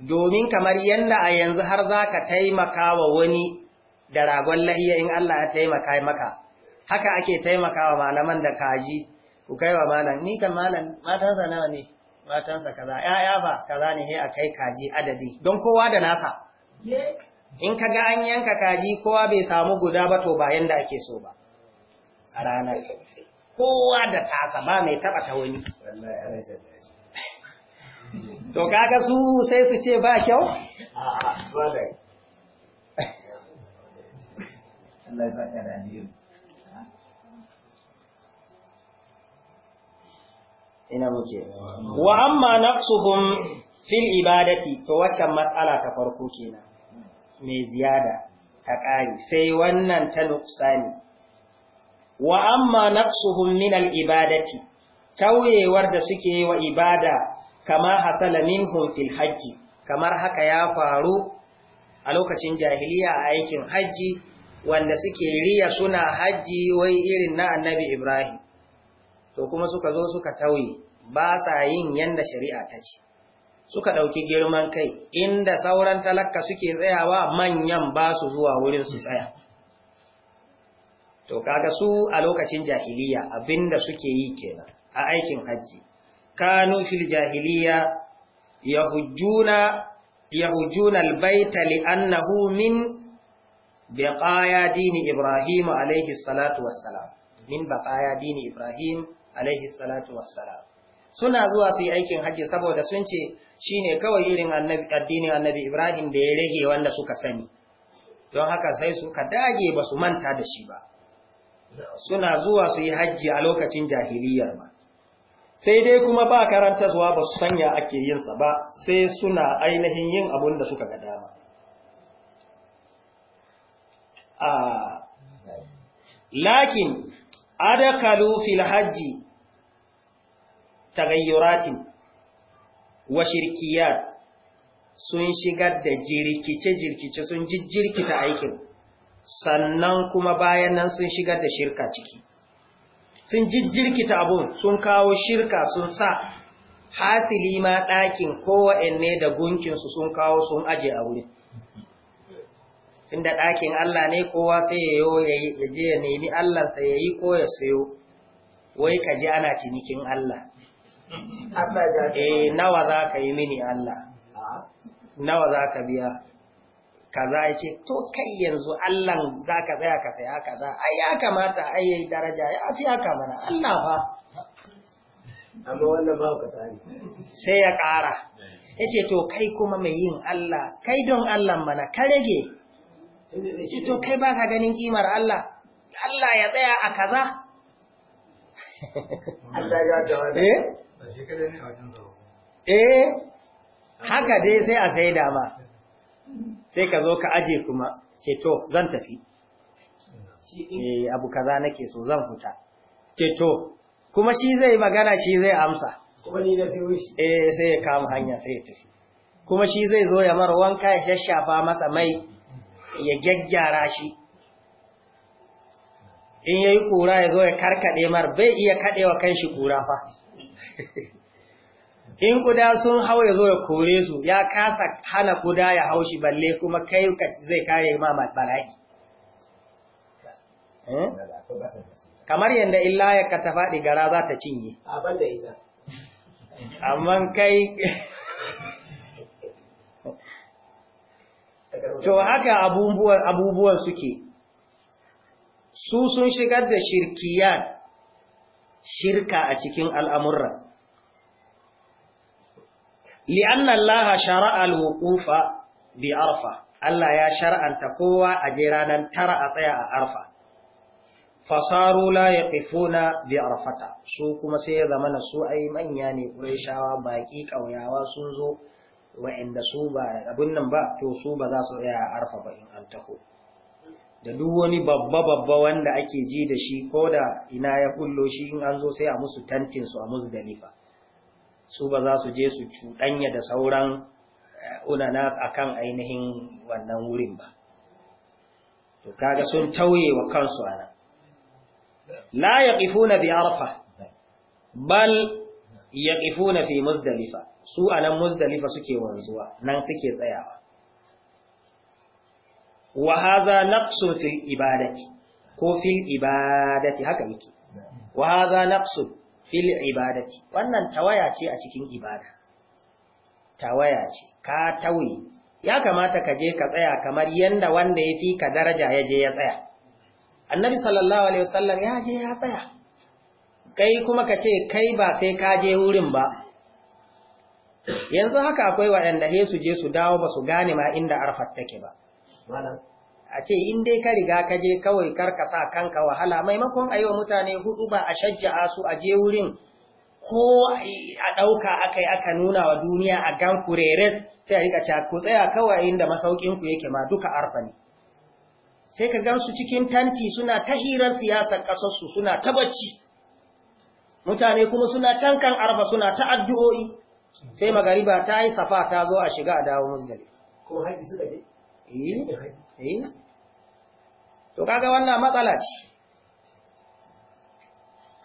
Speaker 1: Domin kamar yadda a yanzu har za ka taimaka wa wani da ragon lahiya in Allah ya taimaka maka, haka ake taimaka wa malaman da kaji, ku kai wa malam, ni kan malam matansa nawa ne, matansa kaza ‘ya'ya ba kaza ne he a kai kaji adadi don kowa da nasa in ka ga an yanka kaji kowa bai samu guda ba to ba da ake so ba a ranar kowa da tasa ba mai taɓa ta wani to kaga su sai su ce ba kyau? Allah ina muke wa amma naqsuhum fil ibadati to waccan matsala ta farko kenan mai ziyada ta ƙari sai wannan ta nuksani wa amma naqsuhum min al ibadati tauyewar da suke wa ibada kama hasala minhum fil hajji kamar haka ya faru a lokacin jahiliya a aikin hajji wanda suke riya suna hajji wai irin na annabi Ibrahim to kuma suka zo suka tauye ba sa yin yanda shari'a ta ce suka ɗauki girman kai inda sauran talakka suke tsayawa manyan ba su zuwa wurin su tsaya to kaga su a lokacin jahiliya abinda suke yi kenan a aikin hajji kanu fil jahiliya yahujuna yahujjuna albayta li'annahu min بقايا dini ibrahim alayhi salatu wassalam min baqaya dini ibrahim alaihi salatu wassalam suna zuwa su yi aikin hajji saboda sun ce shi ne kawai irin addinin annabi ibrahim da ya rage wanda suka sani don haka sai suka dage ba su manta da shi ba suna zuwa su yi hajji a lokacin jahiliyar ma sai dai kuma ba karantarwa ba su sanya ake yinsa ba sai suna ainihin yin abun da suka ga dama ah, lakin adakalu fil hajji tagayyuratin wa shirkiyat sun shigar da jirkice-jirkice sun jijjirkita aikin sannan kuma bayan nan sun shigar da shirka ciki sun jijjirkita abun sun kawo shirka sun sa hasili ma ɗakin kowa ne da gunkinsu sun kawo sun aje a wurin tunda ɗakin Allah ne kowa sai ya yo ya je ya nemi Allah sai ya yi ko ya sayo wai ka ji ana cinikin Allah eh nawa za ka yi mini Allah nawa za ka biya kaza ya ce to kai yanzu Allah za ka tsaya ka saya kaza ai ya kamata ai daraja ya fi haka mana Allah fa amma wannan ba ka tsari sai ya ƙara yace to kai kuma mai yin Allah kai don Allah mana ka rage Cito, to kai ba ka ganin kimar Allah Allah ya tsaya a kaza eh? eh haka dai sai a sai ba sai ka zo ka aje kuma ce to zan tafi eh abu kaza nake so zan fita ce to kuma shi zai magana shi zai amsa eh sai ya kama hanya sai ya tafi kuma shi zai zo ya mara wanka ya shafa masa mai ya gyaggyara shi in yayi kura ya zo ya karkade mar bai iya kadewa shi kura fa *laughs* in kuda sun hau ya zo ya kore su ya kasa hana kuda ya hau shi balle kuma kai zai kare ma bala'i eh? kamar yadda illa ya kata faɗi gara za ta cinye amma kai *laughs* To haka abubuwan suke, su sun shigar da shirkiyar shirka a cikin al'amurra. Li'annan laha shara'al hukufa bi arfa, Allah ya shar'anta kowa a je ranar tara a tsaya a arfa. Fasaru la ya ƙifuna bi arfata, su kuma sai ya zamana su ai manya ne ƙureshawa baƙi ƙauyawa sun zo wa'anda su ba abin nan ba to su ba za su tsaya a arfa ba in an taho da duk wani babba babba wanda ake ji da shi ko da ina ya kullo shi in an zo sai a musu tantin su a musu dalifa su ba za su je su cuɗanya da sauran eh, unanas akan ainihin wannan wurin ba to kaga sun tauye wa kansu ana la yaqifuna bi arfa bal yaqifuna fi muzdalifa su a nan muzdalifa suke wanzuwa nan suke tsayawa wa hadha naqsu fil ibadati ko fil ibadati haka yake wa hadha naqsu fil ibadati wannan tawaya ce a cikin ibada tawaya ce ka tawi ya kamata ka je ka tsaya kamar yanda wanda ya ka daraja ya je ya tsaya annabi sallallahu alaihi wasallam ya je ya tsaya kai kuma ka ce kai ba sai ka je wurin ba yanzu haka akwai waɗanda he su je su dawo ba su gane ma inda arfat take ba a ce in dai ka riga ka je kawai karka sa kanka wahala maimakon a yi wa mutane hudu ba a shajja'a su a je wurin ko a ɗauka aka yi aka nuna wa duniya a gan kureres sai a rika ca ku tsaya kawai inda masaukinku yake ma duka arfa ne sai ka gan su cikin tanti suna ta hirar siyasar ƙasarsu suna ta bacci mutane kuma suna can kan arfa suna ta addu'o'i sai magariba ta yi safa ta zo a shiga a dawo musdali kuma haƙi suka ne? Eh. yi eh. to kaga wannan matsala ce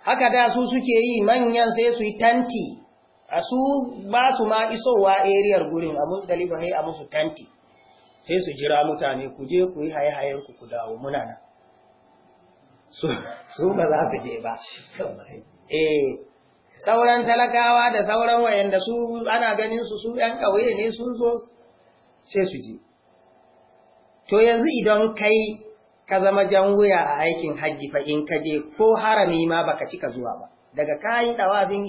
Speaker 1: haka da su suke yi manyan sai su yi tanti a su ba su ma isowa eriyar gurin a musdali ba a musu tanti sai su jira mutane ku je ku yi haye ku dawo munana. su ba za su je ba eh sauran talakawa da sauran wayanda su ana ganin su su ‘yan ƙauye ne sun zo sai su ji. To yanzu idan kai ka zama jan wuya a aikin hajji fa in ka je ko harami ma baka cika zuwa ba, daga kayi ɗawafin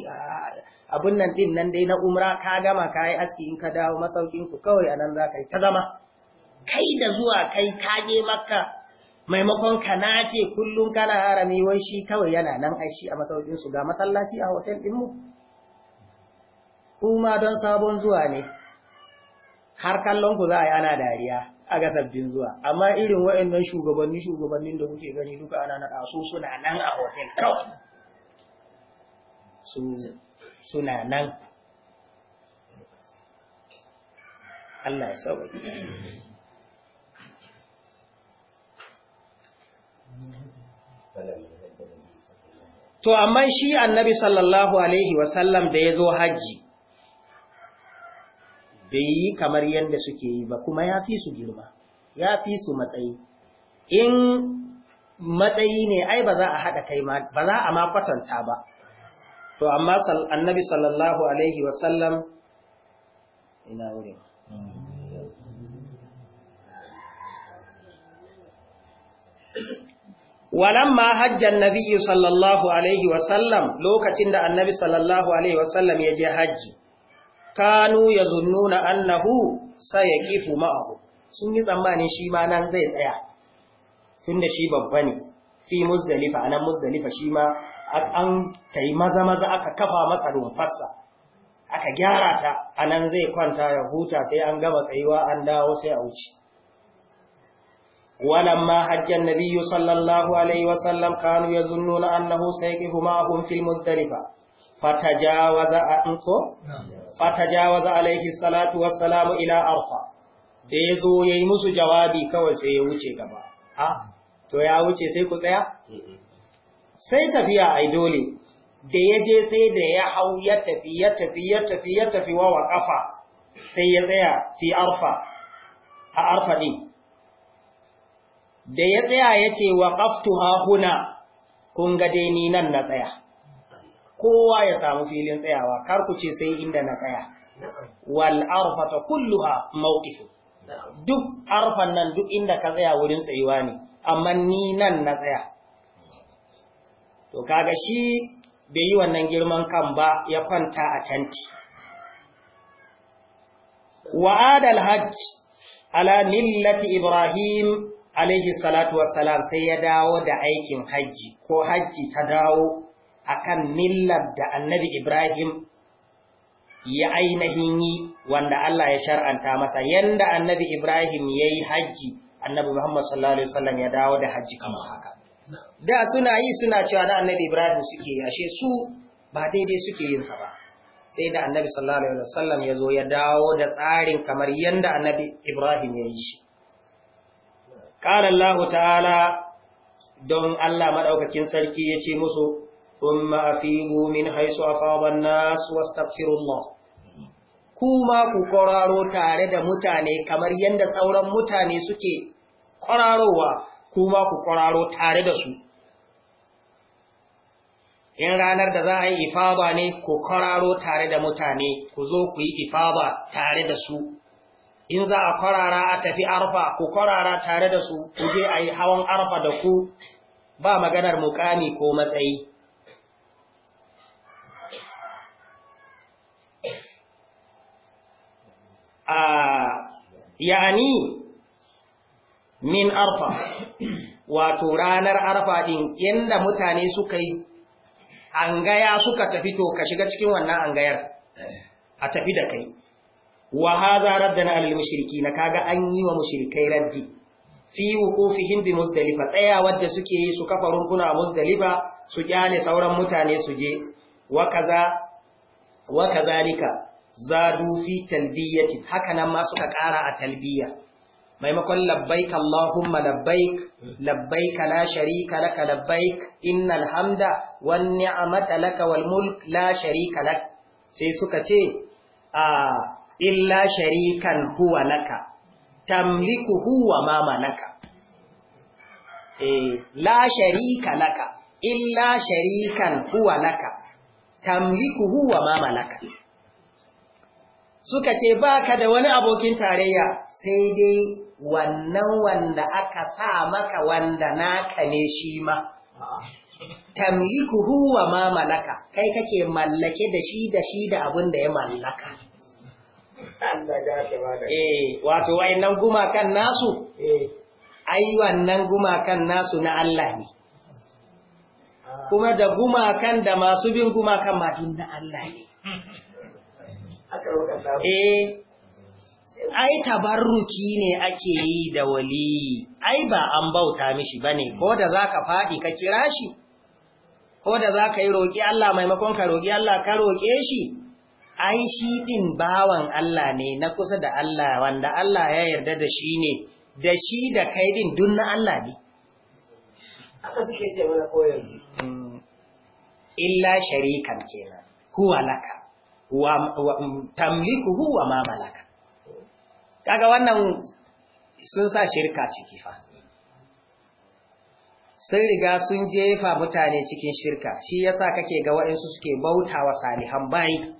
Speaker 1: abin nan ɗin nan dai na umra ka gama kayi aski in ka dawo masaukinku kawai a nan za ka yi ta zama. Kai da zuwa kai ka je makka maimakon ka ce kullum kana harami wai shi kawai yana nan ai shi a masaukin su ga masallaci a hotel din mu kuma don sabon zuwa ne har kallon ku za a yi ana dariya a ga sabbin zuwa amma irin waɗannan shugabanni shugabannin da kuke gani duka ana naɗa su suna nan a hotel kawai su suna nan Allah ya sauƙi To, amma shi annabi sallallahu Alaihi wasallam da ya zo hajji, bai yi kamar yadda suke yi ba kuma ya fi su girma, ya fi su matsayi. In matsayi ne, ai ba za a haɗa kai ma, ba za a ma kwatanta ba. To, amma annabi sallallahu Alaihi wasallam ina wurin. walamma hajjan nabiyyu sallallahu alaihi lokacin da annabi sallallahu alaihi ya je hajji kanu yazunnuna annahu sayaqifu ma'ahu sun yi tsammanin shi ma nan zai tsaya tunda shi babba ne fi muzdalifa anan muzdalifa shi ma an yi maza maza aka kafa masa rumfarsa aka gyara ta anan zai kwanta ya huta sai an gaba tsayuwa an dawo sai a wuce ولما حج النبي صلى الله عليه وسلم كانوا يظنون أنه سيقف معهم في المزدلفة فتجاوز أنكو فتجاوز عليه الصلاة والسلام إلى أرفا ديزو يمس جوابي كوي سيوچي كبا تو يا wuce sai ku tsaya sai tafiya ai dole da ya je sai da ya hau ya tafi ya tafi ya tafi ya tafi wa wa kafa sai ya tsaya fi arfa a arfa din da ya tsaya ya ce wa ƙaftu hahuna kun ga ni nan na tsaya kowa ya samu filin tsayawa kar ku ce sai inda na tsaya wal arfata kulluha mawqifu duk arfan nan duk inda ka tsaya wurin tsayuwa ne amma ni nan na tsaya to kaga shi bai yi wannan girman kan ba ya kwanta a tanti wa'adal hajj ala millati ibrahim alaihi salatu wassalam sai ya dawo da aikin hajji ko hajji ta dawo akan millar da annabi Ibrahim ya ainihin yi wanda Allah ya shar'anta masa yanda annabi Ibrahim ya yi hajji annabi Muhammad sallallahu Alaihi wasallam ya dawo da hajji kamar haka. Da suna yi suna cewa da annabi Ibrahim suke yashe su ba daidai suke yinsa ba. Sai da annabi sallallahu Alaihi wasallam ya zo ya dawo da tsarin kamar yanda annabi Ibrahim ya yi shi. ƙarar ta'ala don Allah maɗaukakin sarki ya ce musu, "Un ma'afi min haisu a faɓar nasu wasu Kuma ku kwararo tare da mutane kamar yadda sauran mutane suke kwararowa, kuma ku kwararo tare da su. In ranar da za a yi ifaba ne, ku kwararo tare da mutane, ku zo ku yi ifaba tare da su. in za a kwarara a tafi arfa ku kwarara tare da su ku je a yi hawan arfa da ku ba maganar mukami ko matsayi yani min arfa wato ranar arfa din inda mutane suka yi angaya suka tafi to ka shiga cikin wannan angayar a tafi da kai wa da raddana alal na kaga an yi wa mushrikai raddi fi wuqufihim bi muzdalifa tsaya wadda suke yi su kafa rumfuna a muzdalifa su kyale sauran mutane su je wa kaza wa kadhalika zadu fi talbiyati haka nan ma suka kara a talbiya maimakon labbaik allahumma labbaik labbaik la sharika laka labbaik innal hamda wan ni'mata laka wal mulk la sharika lak sai suka ce a ah, illa sharikan huwa laka tamliku huwa ma eh, la sharika laka illa sharikan huwa laka tamliku huwa mama suka ce ba ka da wani abokin tarayya sai dai wannan wanda aka sa maka wanda naka ne shi ma tamliku huwa ma malaka kai kake mallake da shi da shi da abin da ya mallaka Eh, wato wa'annan gumakan nasu? Eh. Ai, wannan gumakan nasu na Allah ne. Ah. Kuma da gumakan da masu bin gumakan madin na Allah ne. Eh, ai, tabarruki ne ake yi da wali, ai, ba an bauta mishi ba ne, ko da za ka faɗi ka kira shi, ko da za ka yi roƙi Allah maimakon ka roƙi Allah ka roƙe shi. ai shi ɗin bawan Allah ne na kusa da Allah wanda Allah ya yarda da shi ne da shi da kai ɗin dun na Allah ne. Aka suke ce mana koyanzu. Mm. Illa sharikan kenan, huwa laka, mm, tamliku huwa ma malaka. Kaga wannan sun sa shirka ciki fa. Sun riga sun jefa mutane cikin shirka, shi yasa kake ga waɗansu suke bautawa salihan bayi.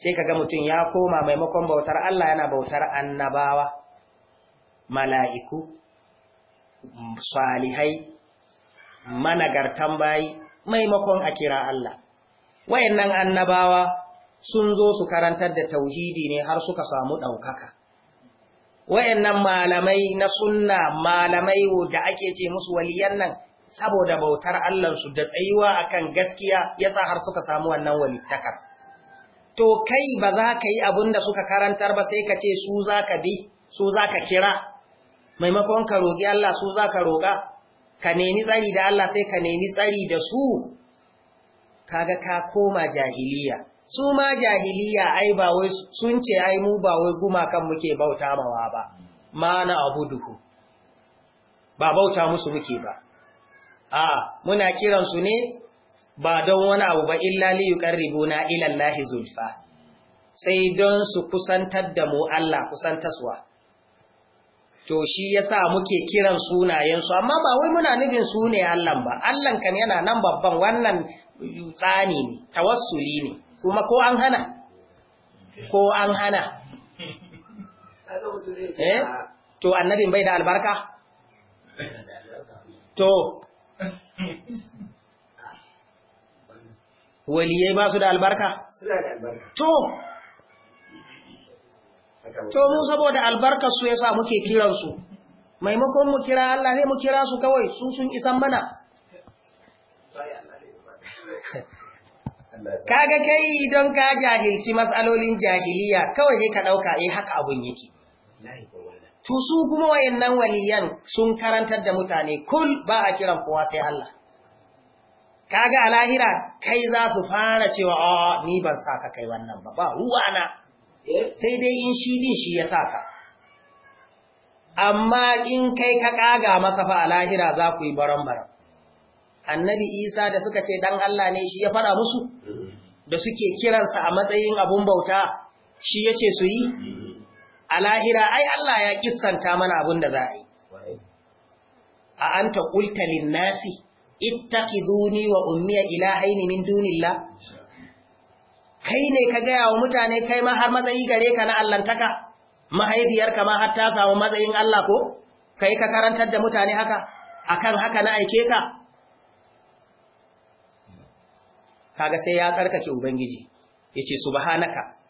Speaker 1: sai ka ga mutum ya koma maimakon bautar Allah yana bautar annabawa mala'iku salihai managartan bayi maimakon a kira Allah wayannan annabawa sun zo su karantar da tauhidi ne har suka samu ɗaukaka. Wayannan malamai na sunna malamai da ake ce musu waliyan nan saboda bautar Allah su da tsayuwa akan gaskiya yasa har suka samu wannan walittakar. to kai ba za ka yi abin da suka karantar ba sai ka ce su za ka bi su za ka kira maimakon ka roƙi Allah su za ka roƙa ka nemi tsari da Allah sai ka nemi tsari da su kaga ka koma jahiliya su ma jahiliya ai ba wai sun ce ai mu ba wai gumakan muke bauta mawa ba mana abuduhu ba bauta musu muke ba a muna kiransu ne ba don wani abu ba illa li yuqarribuna ila Allahi zulfa sai don su kusantar da mu Allah kusantaswa to shi yasa muke kiran sunayensu. amma ba wai muna nufin sune Allah ba Allah kan yana nan babban wannan tsani ne tawassuli ne kuma ko an hana ko an hana eh to annabin bai da albarka to waliyai ba su da albarka? To, to mu saboda albarkar su yasa muke kiransu, maimakon mu kira Allah sai mu kira su kawai su sun isan mana. Kaga kai don ka jahilci matsalolin jahiliya kawai sai ka ɗauka eh haka abun yake. To su kuma wayannan waliyan sun karantar da mutane kul ba a kiran kowa sai Allah. kaga a lahira kai za su fara cewa a ni ban sa ka kai wannan ba ba ruwa na eh? sai dai in shi din shi ya sa ka amma in kai ka kaga masa fa a lahira za ku yi baron-baron annabi isa da suka ce dan Allah ne shi ya fara musu da suke kiransa a matsayin abun bauta shi ya ce su yi a lahira ai Allah ya kissanta mana abun da za a yi a an ta ƙulta nasi. ittaqiduni wa ummiya ilahaini min dunillah kai ne ka gaya wa mutane kai ma har matsayi gare ka na allantaka mahaifiyarka ma har ta samu matsayin Allah ko kai ka karantar da mutane haka akan haka na aike ka kaga sai ya tsarkake ubangiji yace subhanaka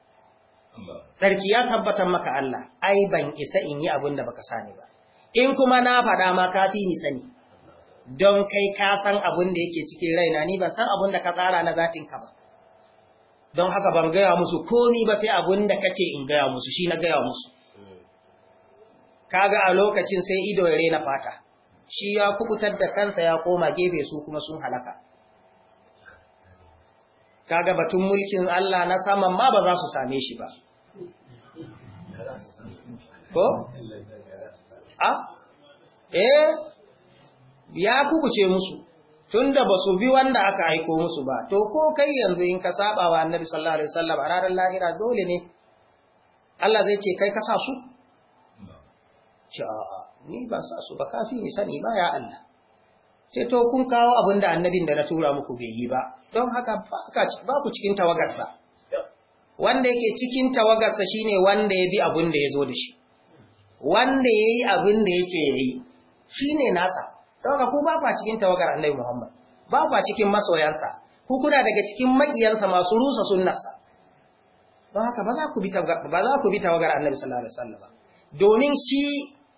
Speaker 1: Sarki ya tabbatar maka Allah ai ban isa in yi abin da baka sani ba in kuma na faɗa ma kafi ni sani don kai ka san abin da yake cikin raina ni ban san abin da ka tsara na zatin ba don haka ban gaya musu komi ba sai abin da kace in gaya musu shi na gaya musu kaga a lokacin sai ido ya rena fata shi ya kubutar da kansa ya koma gefe su kuma sun halaka kaga batun mulkin Allah na saman ma ba za su same shi ba ko a ah? eh ya kukuce musu tunda ba su bi wanda aka haiko musu ba to ko kai yanzu in ka saba wa annabi sallallahu alaihi wasallam a ranar lahira dole ne Allah zai ce kai ka sa su ce ni ba sa su ba kafi ni sani ba ya Allah ce to kun kawo abin da annabin da na tura muku bai yi ba don haka ba ku cikin tawagarsa wanda yake cikin tawagarsa shine wanda ya bi abin da ya zo da shi wanda ya yi abin da yake yi shine nasa Daga ku ba kwa cikin tawagar Annabi Muhammad, ba kwa cikin masoyansa, ku kuna daga cikin makiyansa masu rusa sunnarsa. Don haka ba za ku bi tawagar Annabi sallallahu alaihi wasallam. Domin shi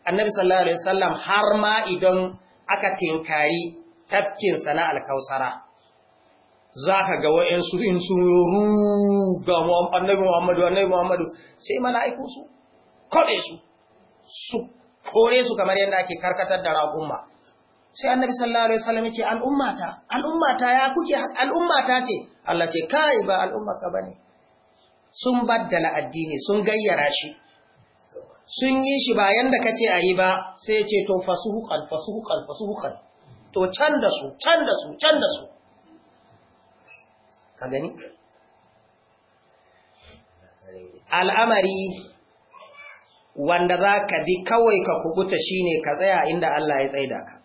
Speaker 1: Annabi sallallahu alaihi wasallam har ma idan aka tinkari sana al alkausara. Za ka ga wa'yansu in sun ga annabi Muhammadu, annabi Muhammadu, sai mala'ikunsu, kore su, su kore su kamar yadda ake karkatar da ragumma. sai annabi sallallahu alaihi wasallam ya ce al'ummata al'ummata ya kuke al'ummata ce Allah ce kai ba al'ummaka bane sun baddala addini sun gayyara shi sun yi shi ba yanda kace ayi ba sai ya ce to fasuhuqan fasuhuqan fasuhuqan to can su can su can su ka gani al'amari wanda za ka bi kawai ka kubuta shine ka tsaya inda Allah ya tsaida ka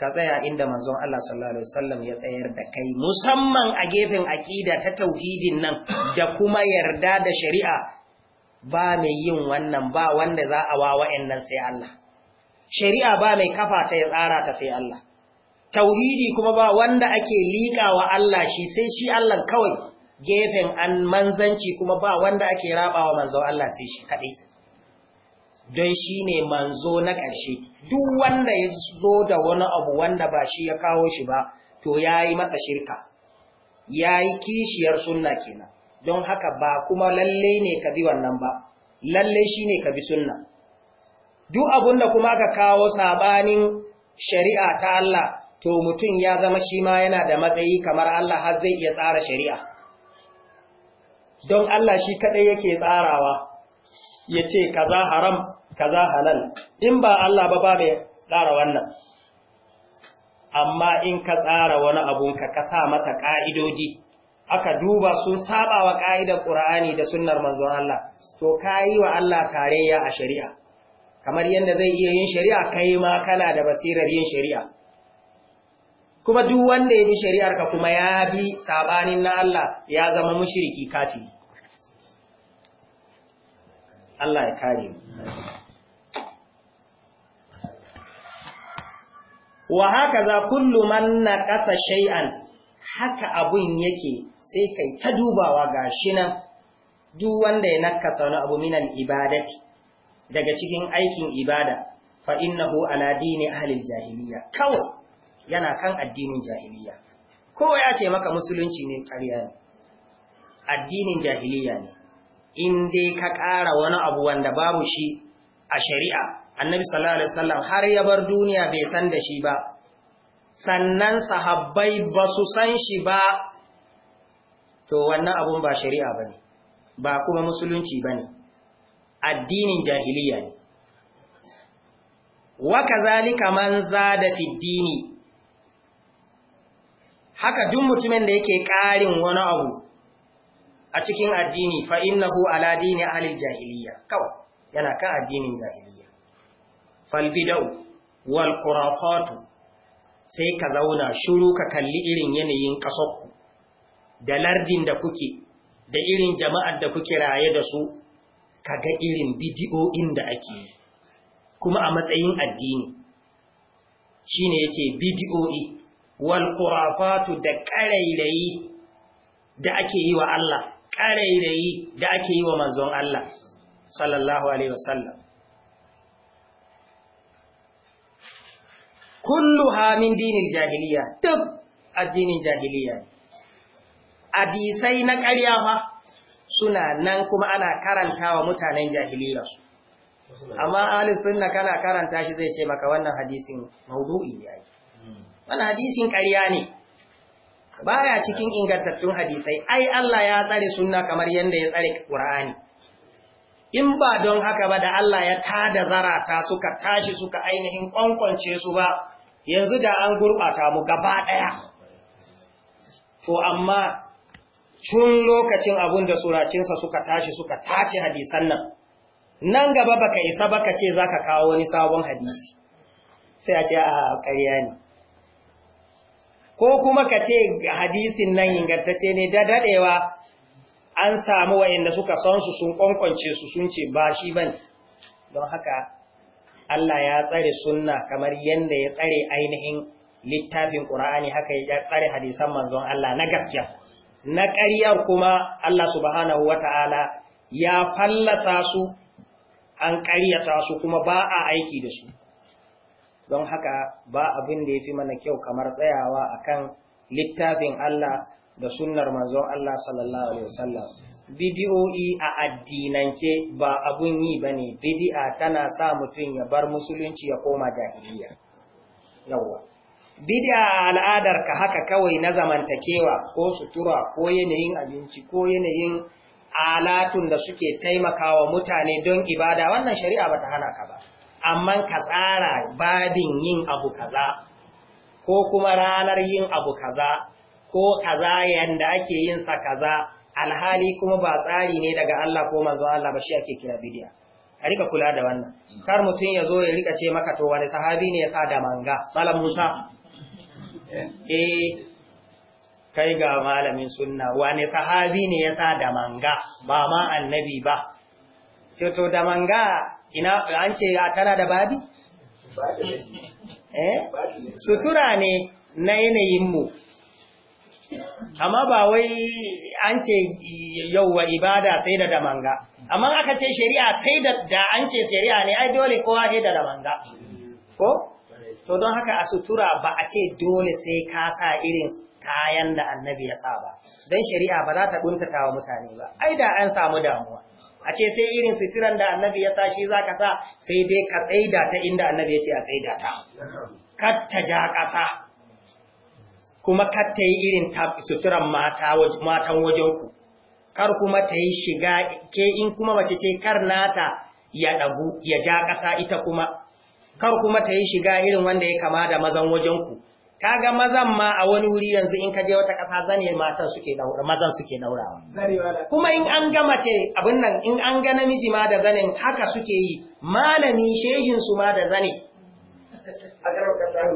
Speaker 1: ka tsaya inda manzon Allah sallallahu alaihi wasallam ya tsayar da kai musamman a gefen aqida ta tauhidin nan da kuma yarda da shari'a ba mai yin wannan ba wanda za a wawa wa'annan sai Allah shari'a ba mai kafa ta ya tsara ta sai Allah tauhidi kuma ba wanda ake liƙawa Allah shi sai shi Allah kawai gefen an manzanci kuma ba wanda ake rabawa manzon Allah sai shi kadai don shi ne manzo na ƙarshe duk wanda ya zo da wani abu wanda ba shi ya kawo shi ba to ya yi masa shirka ya yi kishiyar sunna kenan don haka ba kuma lalle ne ka bi wannan ba lalle shi ne ka bi sunna duk abun da kuma aka kawo sabanin shari'a ta Allah to mutum ya zama shi ma yana da matsayi kamar Allah har zai iya tsara shari'a don Allah shi kaɗai yake tsarawa ya ce kaza haram kaza halal in ba Allah ba ba mai tsara wannan amma in ka tsara wani abun ka kasa masa ka'idoji aka duba sun saba wa ka'idar Qur'ani da sunnar manzon Allah to kai wa Allah tarayya a shari'a kamar yanda zai iya yin shari'a kai ma kana da basirar yin shari'a kuma duk wanda ya bi shari'ar ka kuma ya bi sabanin na Allah ya zama mushriki kafiri Allah ya kare mu wa haka za kullu man na ƙasa shay'an haka abun yake sai kai ta dubawa ga shi nan duk wanda ya nakasa wani abu minan ibadati daga cikin aikin ibada fa innahu ala dini ahlil jahiliya kawai yana kan addinin jahiliya ko ya ce maka musulunci ne ƙarya ne addinin jahiliya ne in dai ka ƙara wani abu wanda babu shi a shari'a annabi sallallahu alaihi wasallam har ya bar duniya bai san da shi ba sannan sahabbai ba su san shi ba to wannan abun ba shari'a bane ba kuma musulunci bane addinin jahiliya ne wa kazalika man zada fi dini haka duk mutumin da yake ƙarin wani abu a cikin addini fa innahu ala dini ahli jahiliya kawai yana kan addinin jahiliya falbidau wal kurafatu sai ka zauna shuru ka kalli irin yanayin ƙasarku da lardin da kuke da irin jama'ar da kuke raye da su ka ga irin bidiyo'in da ake yi kuma a matsayin addini shi ne ya ce wal kurafatu da ƙarairayi da ake yi wa Allah ƙarairayi da ake yi wa manzon Allah sallallahu alaihi wasallam kulluha min dinin jahiliya duk addinin jahiliya hadisai na ƙarya fa suna nan kuma ana karantawa mutanen jahiliya su amma ahli sunna kana karanta shi zai ce maka wannan hadisin mawdu'i ne wannan hadisin ƙarya ne baya cikin ingantattun hadisai ai Allah ya tsare sunna kamar yadda ya tsare ƙura'ani. in ba don haka ba da Allah ya tada zarata suka tashi suka ainihin kwankwance su ba yanzu da an gurɓata mu gaba ɗaya to amma tun lokacin abun da suracinsa suka tashi suka tace hadisan nan nan gaba baka isa baka ce zaka kawo wani sabon hadisi sai a ce a ƙarya ne ko kuma ka ce hadisin nan ingantacce ne da daɗewa an samu wayanda suka son su sun kwankwance su sun ce ba shi bane don haka Allah ya tsare sunna kamar yadda ya tsare ainihin littafin ƙur'ani, haka ya tsare hadisan manzon Allah na gaskiya na ƙaryar kuma Allah subhanahu ta'ala ya fallasa su an ƙaryata su kuma ba a aiki da su don haka ba abin da ya fi mana kyau kamar tsayawa akan littafin Allah da sunnar manzon Allah sallallahu alaihi wasallam bidiyoyi a addinance ba abun yi ba ne bidi'a tana sa mutum ya bar musulunci ya koma jahiliya yawwa a al'adar ka haka kawai na zamantakewa ko sutura ko yanayin abinci ko yanayin alatun da suke taimakawa mutane don ibada wannan shari'a bata hana ka ba amma ka tsara babin yin abu kaza ko kuma ranar yin abu kaza ko kaza yanda ake yin sa kaza alhali kuma ba tsari ne daga Allah ko manzo Allah ba shi ake kira bid'a a rika kula da wannan kar mutum ya zo ya rika ce maka to wani sahabi ne ya sa da manga malam Musa eh. eh kai ga malamin sunna wani sahabi ne ya sa da manga ba ma annabi ba ce to da manga ina an ce a tana da babi eh sutura ne na yanayin mu amma ba wai an ce yauwa ibada sai da damanga amma aka ce shari'a sai da an ce shari'a ne ai dole kowa sai da damanga ko to don haka a sutura ba a ce dole sai ka sa irin kayan da annabi ya sa ba don shari'a ba za ta kuntata wa mutane ba ai da an samu damuwa a ce sai irin suturan da annabi ya sa shi za ka sa sai dai ka tsaida ta inda annabi ya ce a tsaida ta kar ta ja ƙasa kuma kar ta yi irin suturan matan wajenku kar kuma ta yi shiga ke in kuma mace ce kar nata ya ɗagu ya ja ƙasa ita kuma kar kuma ta yi shiga irin wanda ya kama da mazan wajenku ga mazan ma a wani wuri yanzu in ka je wata ƙasa zane matan suke daura mazan suke daurawa kuma in an ga mace in an ga namiji ma da zanen haka suke yi malami shehin su ma da zane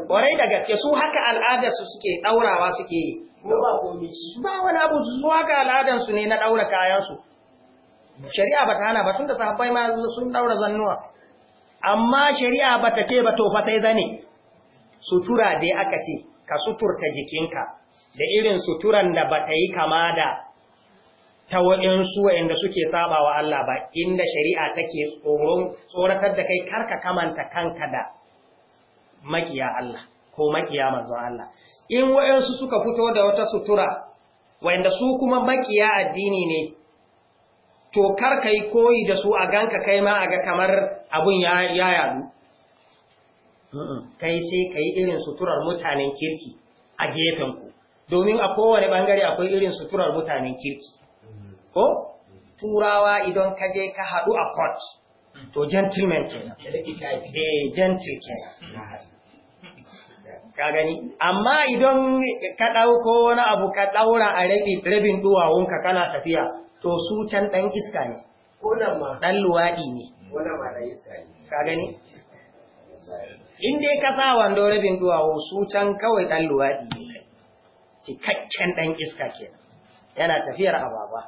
Speaker 1: ƙwarai da gaske su haka al'adarsu suke ɗaurawa suke yi. Ba wani abu su haka al'adarsu ne na ɗaura kayansu. Shari'a ba ta hana ba tun da sahabbai ma sun ɗaura zannuwa. Amma shari'a ba ta ce ba to fa sai zane. Sutura dai aka ce, ka suturta jikinka da irin suturan da ba ta yi kama da ta waɗansu wainda suke saba wa Allah ba, inda shari'a take tsoratar da kai karka kamanta kanka da makiya Allah ko makiya manzon Allah in wayansu suka fito da wata sutura wanda su kuma makiya addini ne to kar kai koyi da su a ganka kai ma aga kamar abun ya ya yadu kai sai kai irin suturar mutanen kirki a gefen ku domin a kowane bangare akwai irin suturar mutanen kirki ko turawa idan ka je ka haɗu a court to gentleman kenan eh gentleman ka gani amma idan ka dauko wani abu ka ɗaura a rabin duwawunka kana tafiya to su can ɗan iska ne ko ma ɗan luwaɗi ne ka gani in dai ka sa wando rabin duwawo su can kawai ɗan luwaɗi ne kai cikakken ɗan iska kenan yana tafiyar ababa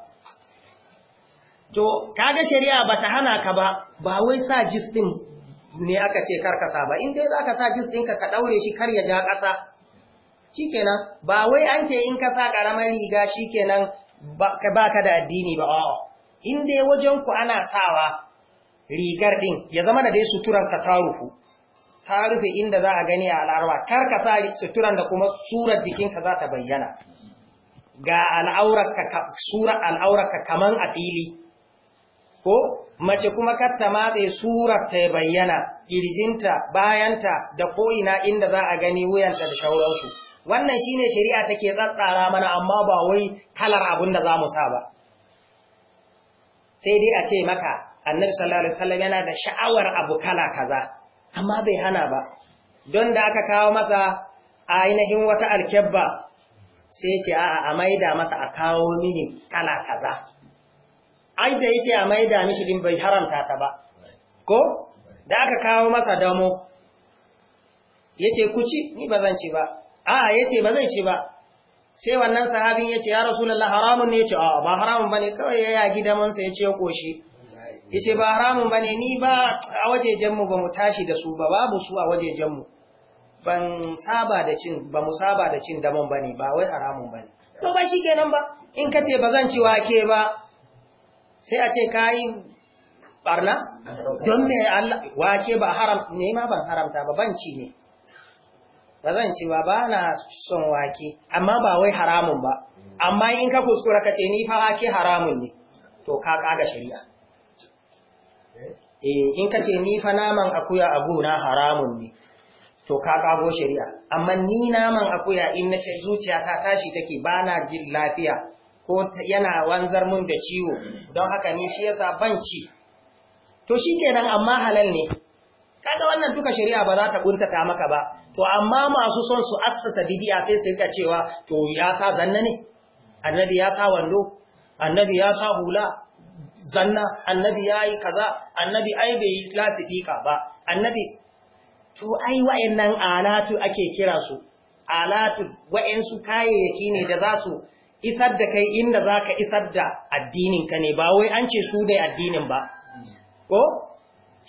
Speaker 1: to kaga shari'a bata hana ka ba ba wai sa jis ɗin ne aka ce sa ba in dai za ka sa jis ɗinka ka ɗaure shi kar ya ja ƙasa shikenan ba wai an ce in ka sa ƙaramar riga shikenan ba ka da addini ba a'a in dai wajen ku ana sawa rigar ɗin ya zama da dai suturan ka ta rufu rufe inda za a gani a al'arwa kar ka sa suturan da kuma surar jikinka za ta bayyana ga al'aurarka sura kaman a fili ko mace kuma katta matse surar ta bayyana kirjinta bayanta da ko'ina inda za a gani wuyanta da shauransu wannan ne shari'a take tsatsara mana amma ba wai kalar abin da za mu sa ba sai dai a ce maka annabi sallallahu alaihi wasallam yana da sha'awar abu kala kaza amma bai hana ba don da aka kawo masa ainihin wata alkebba sai ce a'a a maida masa a kawo mini kala kaza ai da yake a maida mishi din bai haramta ta ba ko da aka kawo masa damo yace ku ci ni ba zan ci ba a yace ba zai ci ba sai wannan sahabin yace ya rasulullahi haramun ne yace a ba haramun bane kawai ya yagi damon sa yace ya koshi yace ba haramun bane ni ba a wajejen mu ba mu tashi da su ba babu su a wajejen mu ban saba da cin ba mu saba da cin damon bane ba wai haramun bane to ba shi kenan ba in kace ba zan ci wake ba sai a ce ka yi barna don me Allah wake ba haram ne ma ban haramta ba ban ci ne ba zan ci ba ba na son wake amma ba wai haramun ba amma in ka kuskura ka ce ni fa wake haramun ne to ka kaga shari'a eh in ka ce ni fa naman akuya a gona haramun ne to ka kago shari'a amma ni naman akuya in na ce zuciya ta tashi take bana jin lafiya ko yana wanzar mun da ciwo don haka ni shi yasa ban ci to shikenan amma halal ne kaga wannan duka shari'a ba za ta kuntata maka ba to amma masu son su assasa bidiya sai su rika cewa to ya sa zanna ne annabi ya sa wando annabi ya sa hula zanna annabi ya kaza annabi ai bai yi lasifika ba annabi to ai wayennan alatu ake kira su alatu wayensu kayayyaki ne da za su isar da kai inda za ka isar da addininka ne ba wai an ce su ne addinin ba ko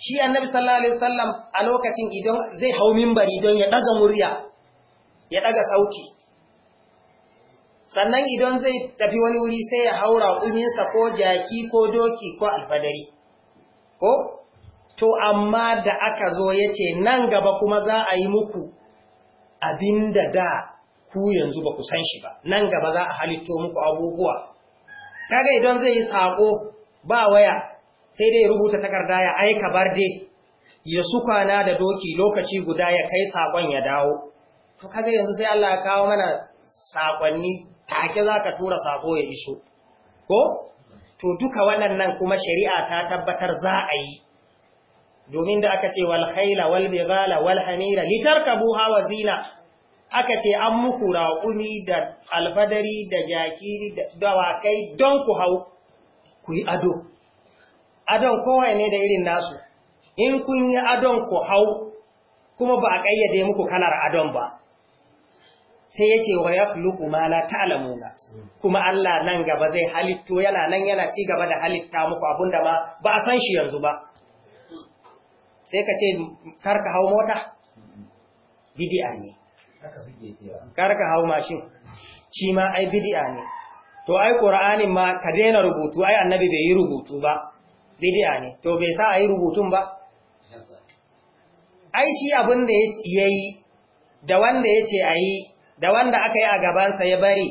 Speaker 1: shi annabi sallallahu alaihi wasallam a lokacin idan zai hau minbari don ya daga murya ya daga sauki? sannan idan zai tafi wani wuri sai ya haura uminsa ko jaki ko doki ko alfadari ko to amma da aka zo ya ce nan gaba kuma za a yi muku abinda da ku yanzu ba ku san shi ba nan gaba za a halitto muku abubuwa kaga idan zai yi sako ba waya sai dai rubuta takarda ya aika barde ya sukwana da doki lokaci guda ya kai sakon ya dawo to kaga yanzu sai Allah ya kawo mana sakonni take za ka tura sako ya iso ko to duka waɗannan kuma shari'a ta tabbatar za a yi domin da aka ce wal khaila wal bighala wal hamira litarkabu zina aka ce an muku raƙumi da alfadari da jakiri da dawakai don ku hau ku yi ado adon kowai ne da irin nasu in kun yi adon ku hau kuma ba a ƙayyade muku kalar adon ba sai yake wa ya fuluku ma ta ta'lamuna kuma Allah nan gaba zai halitto yana nan yana ci gaba da halitta muku abinda ma ba a san shi yanzu ba sai ka ce karka hau mota bid'a ne kar ka hau mashin shi ma ai bid'a ne to ai qur'anin ma ka daina rubutu ai annabi bai yi rubutu ba bid'a ne to bai sa ai rubutun ba ai shi abin da yayi da wanda yace ayi da wanda aka yi a gabansa ya bari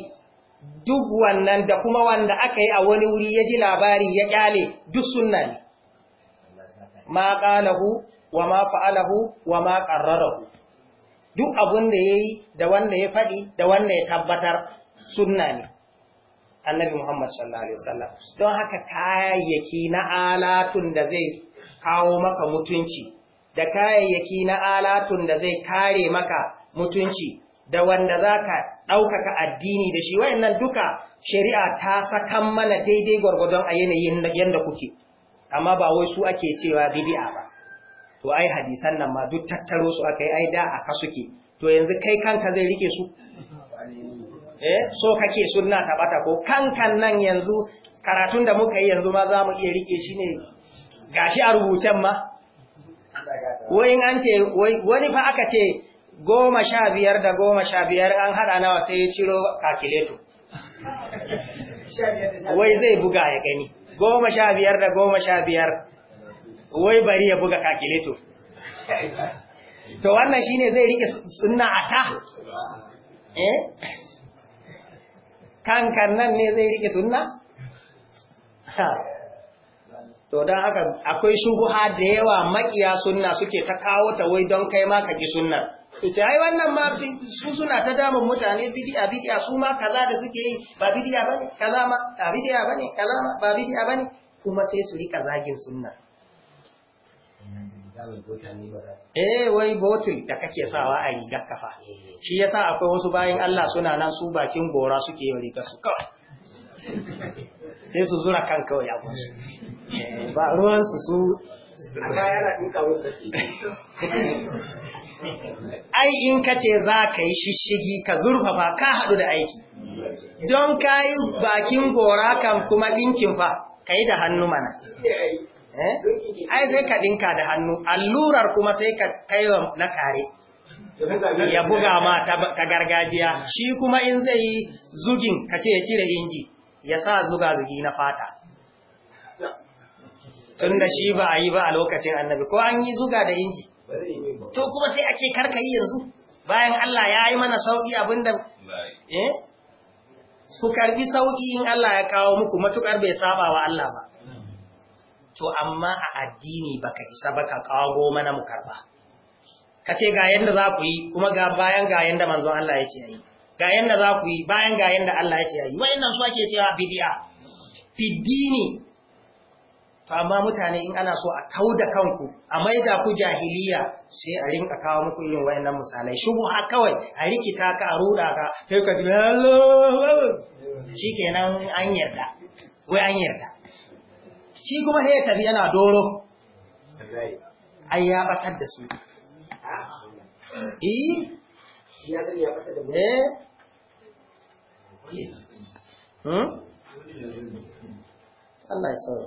Speaker 1: duk wannan da kuma wanda aka yi a wani wuri ya ji labari ya kyale duk sunna ne ma qalahu wa ma fa'alahu wa ma qarrarahu duk abin da ya yi da wanda ya faɗi da wanda ya tabbatar suna ne annabi Muhammad sallallahu Alaihi wasallam don haka kayayyaki na alatun da zai kawo maka mutunci da kayayyaki na alatun da zai kare maka mutunci da wanda za ka ɗaukaka addini da shi wayannan duka shari'a ta sakan mana daidai gwargwadon a yanayin yadda kuke amma ba wai su ake cewa bidi'a ba to ai hadisan nan ma duk tattaro su aka yi ai da aka suke to yanzu kai kanka zai rike su eh so kake sunna ta bata ko kankan nan yanzu karatun da muka yi yanzu ma za mu iya rike shi ne gashi a rubucen ma wayin an ce wani fa aka ce goma sha biyar da goma sha biyar an haɗa nawa sai ya ciro kakileto wai zai buga ya gani goma sha biyar da goma sha biyar wai bari ya buga kakileto to wannan shine zai rike sunna a ta eh kankan nan ne zai rike sunna to dan haka akwai shubuha da yawa makiya sunna suke ta kawo ta wai don kai ma ka ji sunna su ce ai wannan ma su suna ta damun mutane bid'a a su ma kaza da suke yi ba ba bane kaza ma ba bid'a bane kaza ma ba ba bane kuma sai su rika zagin sunna eh wai botin da kake sawa a rigar kafa eh. shi yasa akwai wasu bayan Allah suna nan su bakin gora suke yin rigar su kawai sai su zura kan kawai abun su ba ruwan su su ai in ka ce za ka yi shishigi ka zurfafa ka haɗu da aiki don ka yi bakin gora kan kuma ɗinkin fa ka yi da hannu mana Eh? ai sai ka dinka da hannu allurar kuma sai ka kaiwa na kare ya buga ma ta gargajiya shi kuma in zai yi zugin ka ce ya cire inji ya sa zuga zugi na fata tun da shi ba a yi ba a lokacin annabi ko an yi zuga da inji to kuma sai a ce karka yi yanzu bayan Allah ya yi mana sauƙi abinda su eh? karbi sauƙi in Allah ya kawo muku matuƙar bai saba wa Allah ba to amma a addini baka isa baka kawo mana mu karba kace ga yanda za ku yi kuma ga bayan ga yanda manzon Allah ya ce yi ga yanda za ku yi bayan ga yanda Allah ya ce yi wayannan su ake cewa bid'a fiddini to amma mutane in ana so a da kanku a maida ku jahiliya sai a rinka kawo muku irin wayannan misalai ha kawai a rikita ka a ruda ka kai ka ji Shi shikenan an yarda wai an yarda shi kuma sai ya tafi yana doro ai ya batar da su eh, eh? Hmm? Allah ya sauya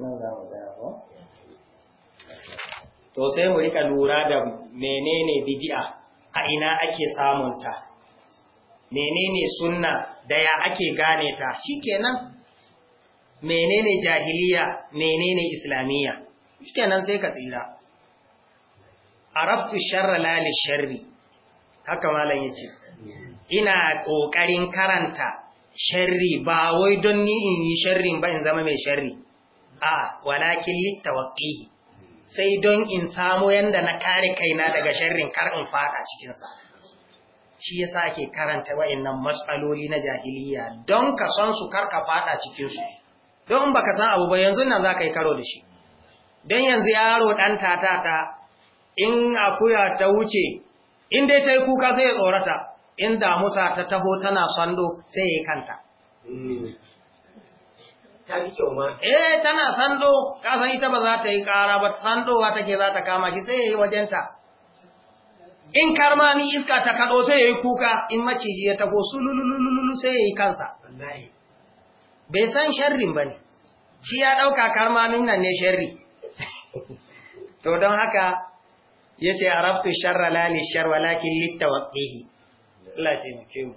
Speaker 1: nan za mu tsaya ko to sai mu rika lura da menene bid'a a ina ake samunta menene sunna da ya ake gane ta shikenan menene jahiliya menene islamiyya kenan sai ka tsira araftu sharra lali sharri haka malam ce, ina kokarin karanta sharri ba wai don ni in yi sharrin ba in zama mai sharri a walakin littawaqi sai don in samu yanda na kare kaina daga sharrin kar in fada cikin shi ya yasa ake karanta wayannan matsaloli na jahiliya don ka san su karka fada cikin su don ka san abu ba yanzu nan za ka yi karo da shi don yanzu yaro dan tatata in akuya ta wuce in dai ta yi kuka zai tsorata in damusa ta taho tana sando sai ya yi kanta eh tana sando kasan ita ba za ta yi kara ba sandowa take za ta kama shi sai ya yi wajenta in karmami iska ta kaɗo sai ya yi kuka in maciji ya tafo sululululu sai ya yi kansa bai san sharrin ba ne shi ya ɗauka karmamin nan ne sharri *laughs* to don haka ya ce a raftu sharra lali sharwa lakin litta waɗehi Allah ce mu mu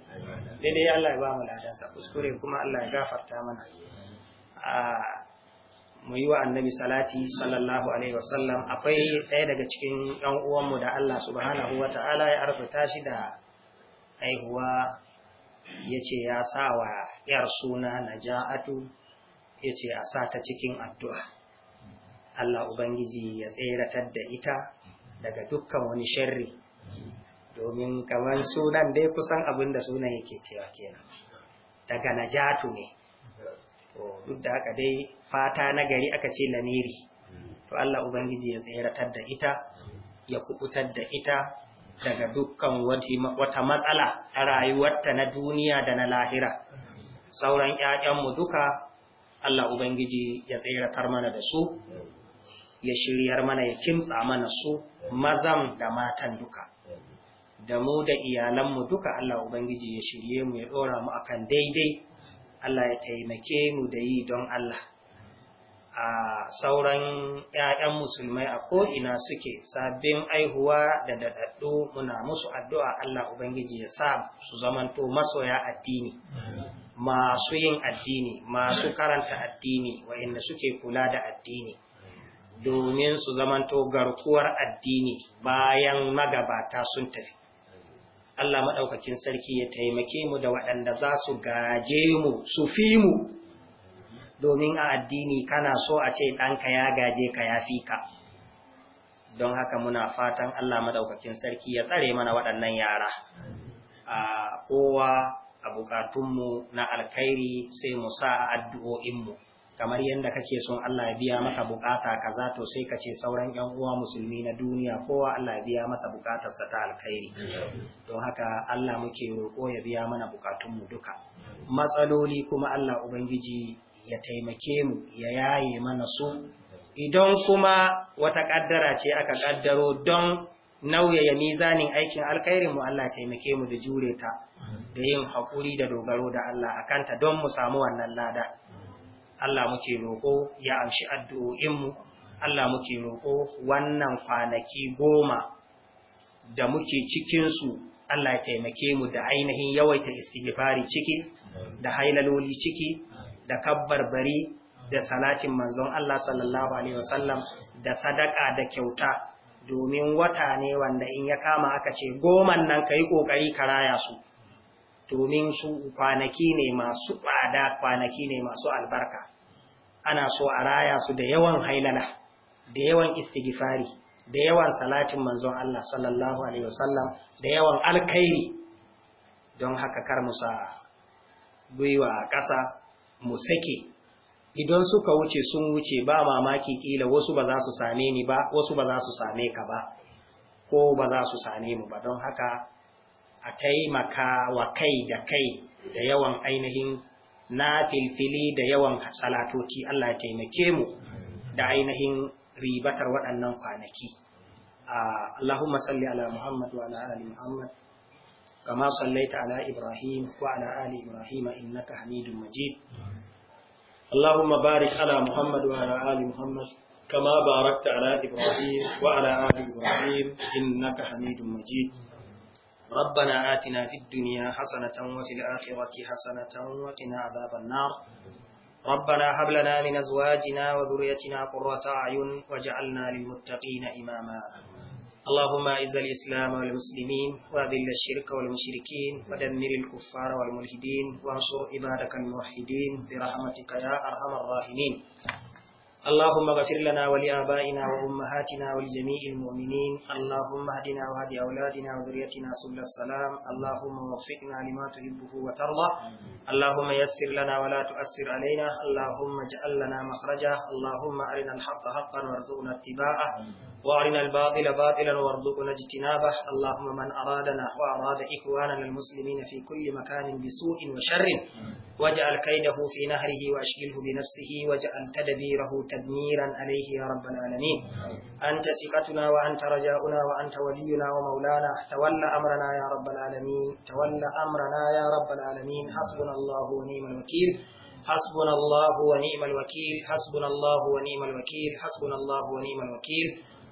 Speaker 1: daidai Allah ya ba mu ladansa kuskure kuma Allah ya gafarta mana ah, mu yi wa annabi salati sallallahu alaihi wasallam akwai ɗaya daga cikin ‘yan uwanmu da Allah subhanahu wa ta'ala ya arzuta shi da haihuwa ya ce ya sa wa ‘yar suna na ja'atu ya ce a sa ta cikin addu'a Allah Ubangiji ya tseratar da ita daga dukkan wani sharri domin kamar sunan dai kusan abin da sunan yake cewa kenan daga najatu ne duk da haka dai fata na gari aka ce lamiri to Allah ubangiji ya tseratar da ita ya kubutar da ita daga dukkan wata matsala a rayuwarta na duniya da na lahira sauran ƴaƴanmu duka Allah ubangiji ya tseratar mana da su ya shiryar mana ya kimtsa mana su mazan da matan duka da mu da iyalanmu duka Allah Ubangiji ya shirye mu ya ɗora mu akan daidai Allah ya taimake mu da yi don Allah a sauran 'ya'yan musulmai a ko'ina suke sabbin aihuwa da daɗaɗɗu muna musu addu'a Allah Ubangiji ya sa su zamanto masoya addini masu yin addini masu karanta addini wa'inda suke kula da addini domin su zamanto garkuwar addini bayan magabata sun tafi Allah maɗaukakin sarki ya taimake mu da waɗanda za su gaje mu su fi mu domin a addini kana so a ce ɗanka ya gaje ka ya fi ka don haka muna fatan Allah maɗaukakin sarki ya tsare mana waɗannan yara a kowa a bukatunmu na alkhairi sai mu sa a mu. kamar yadda kake son Allah ya biya maka bukata kaza to sai ka ce sauran yan uwa musulmi na duniya kowa Allah ya biya masa bukatarsa ta alkhairi don haka Allah muke roƙo ya biya mana mu duka matsaloli kuma Allah ubangiji ya taimake mu ya yaye mana su idan kuma wata kaddara ce aka kaddaro don ya mizanin aikin alkhairin mu Allah taimake mu da jure ta da yin haƙuri da dogaro da Allah akanta don mu samu wannan lada Allah muke roƙo ya amshi addu'o'inmu Allah muke roƙo wannan kwanaki goma da muke cikinsu Allah ya taimake mu da ainihin yawaita istighfari ciki da hailaloli ciki da kabbar bari, da salatin manzon Allah sallallahu alaihi wasallam da sadaka da kyauta domin wata ne wanda in ya kama aka ce goman nan ka yi ƙoƙari ka raya su domin su kwanaki ne masu tsada kwanaki ne masu albarka ana so a raya su da yawan hailala da yawan istighfari da yawan salatin manzon Allah sallallahu alaihi wasallam da yawan alkhairi don haka kar mu sa a ƙasa mu sake idan suka wuce sun wuce ba mamaki kila wasu ba za su same ni ba wasu ba za su same ka ba ko ba za su same mu ba don haka a taimaka wa kai da kai da yawan ainihin na filfili da yawan salatoci Allah ya taimake mu da ainihin ribatar waɗannan kwanaki Allahumma salli ala Muhammad wa ala ali Muhammad kama sallaita ala Ibrahim wa ala ali Ibrahim innaka Hamidum Majid Allahumma barik ala Muhammad wa ala ali Muhammad kama barakta ala Ibrahim wa ala ali Ibrahim innaka Hamidum Majid ربنا آتنا في الدنيا حسنة وفي الآخرة حسنة وقنا عذاب النار ربنا هب لنا من أزواجنا وذريتنا قرة أعين واجعلنا للمتقين إماما اللهم أعز الإسلام والمسلمين وأذل الشرك والمشركين ودمر الكفار والملحدين وانصر عبادك الموحدين برحمتك يا أرحم الراحمين اللهم اغفر لنا ولآبائنا وأمهاتنا ولجميع المؤمنين اللهم اهدنا وهد أولادنا وذريتنا سبل السلام اللهم وفقنا لما تحبه وترضى اللهم يسر لنا ولا تؤسر علينا اللهم اجعل لنا مخرجا اللهم أرنا الحق حقا وارزقنا اتباعه وارنا الباطل باطلا وارزقنا اجتنابه اللهم من أرادنا وأراد إخواننا المسلمين في كل مكان بسوء وشر واجعل كيده في نهره وأشغله بنفسه واجعل تدبيره تدميرا عليه يا رب العالمين أنت ثقتنا وأنت رجاؤنا وأنت ولينا ومولانا تولى أمرنا يا رب العالمين تولى أمرنا يا رب العالمين حسبنا الله ونعم الوكيل حسبنا الله ونعم الوكيل حسبنا الله ونعم الوكيل حسبنا الله ونعم الوكيل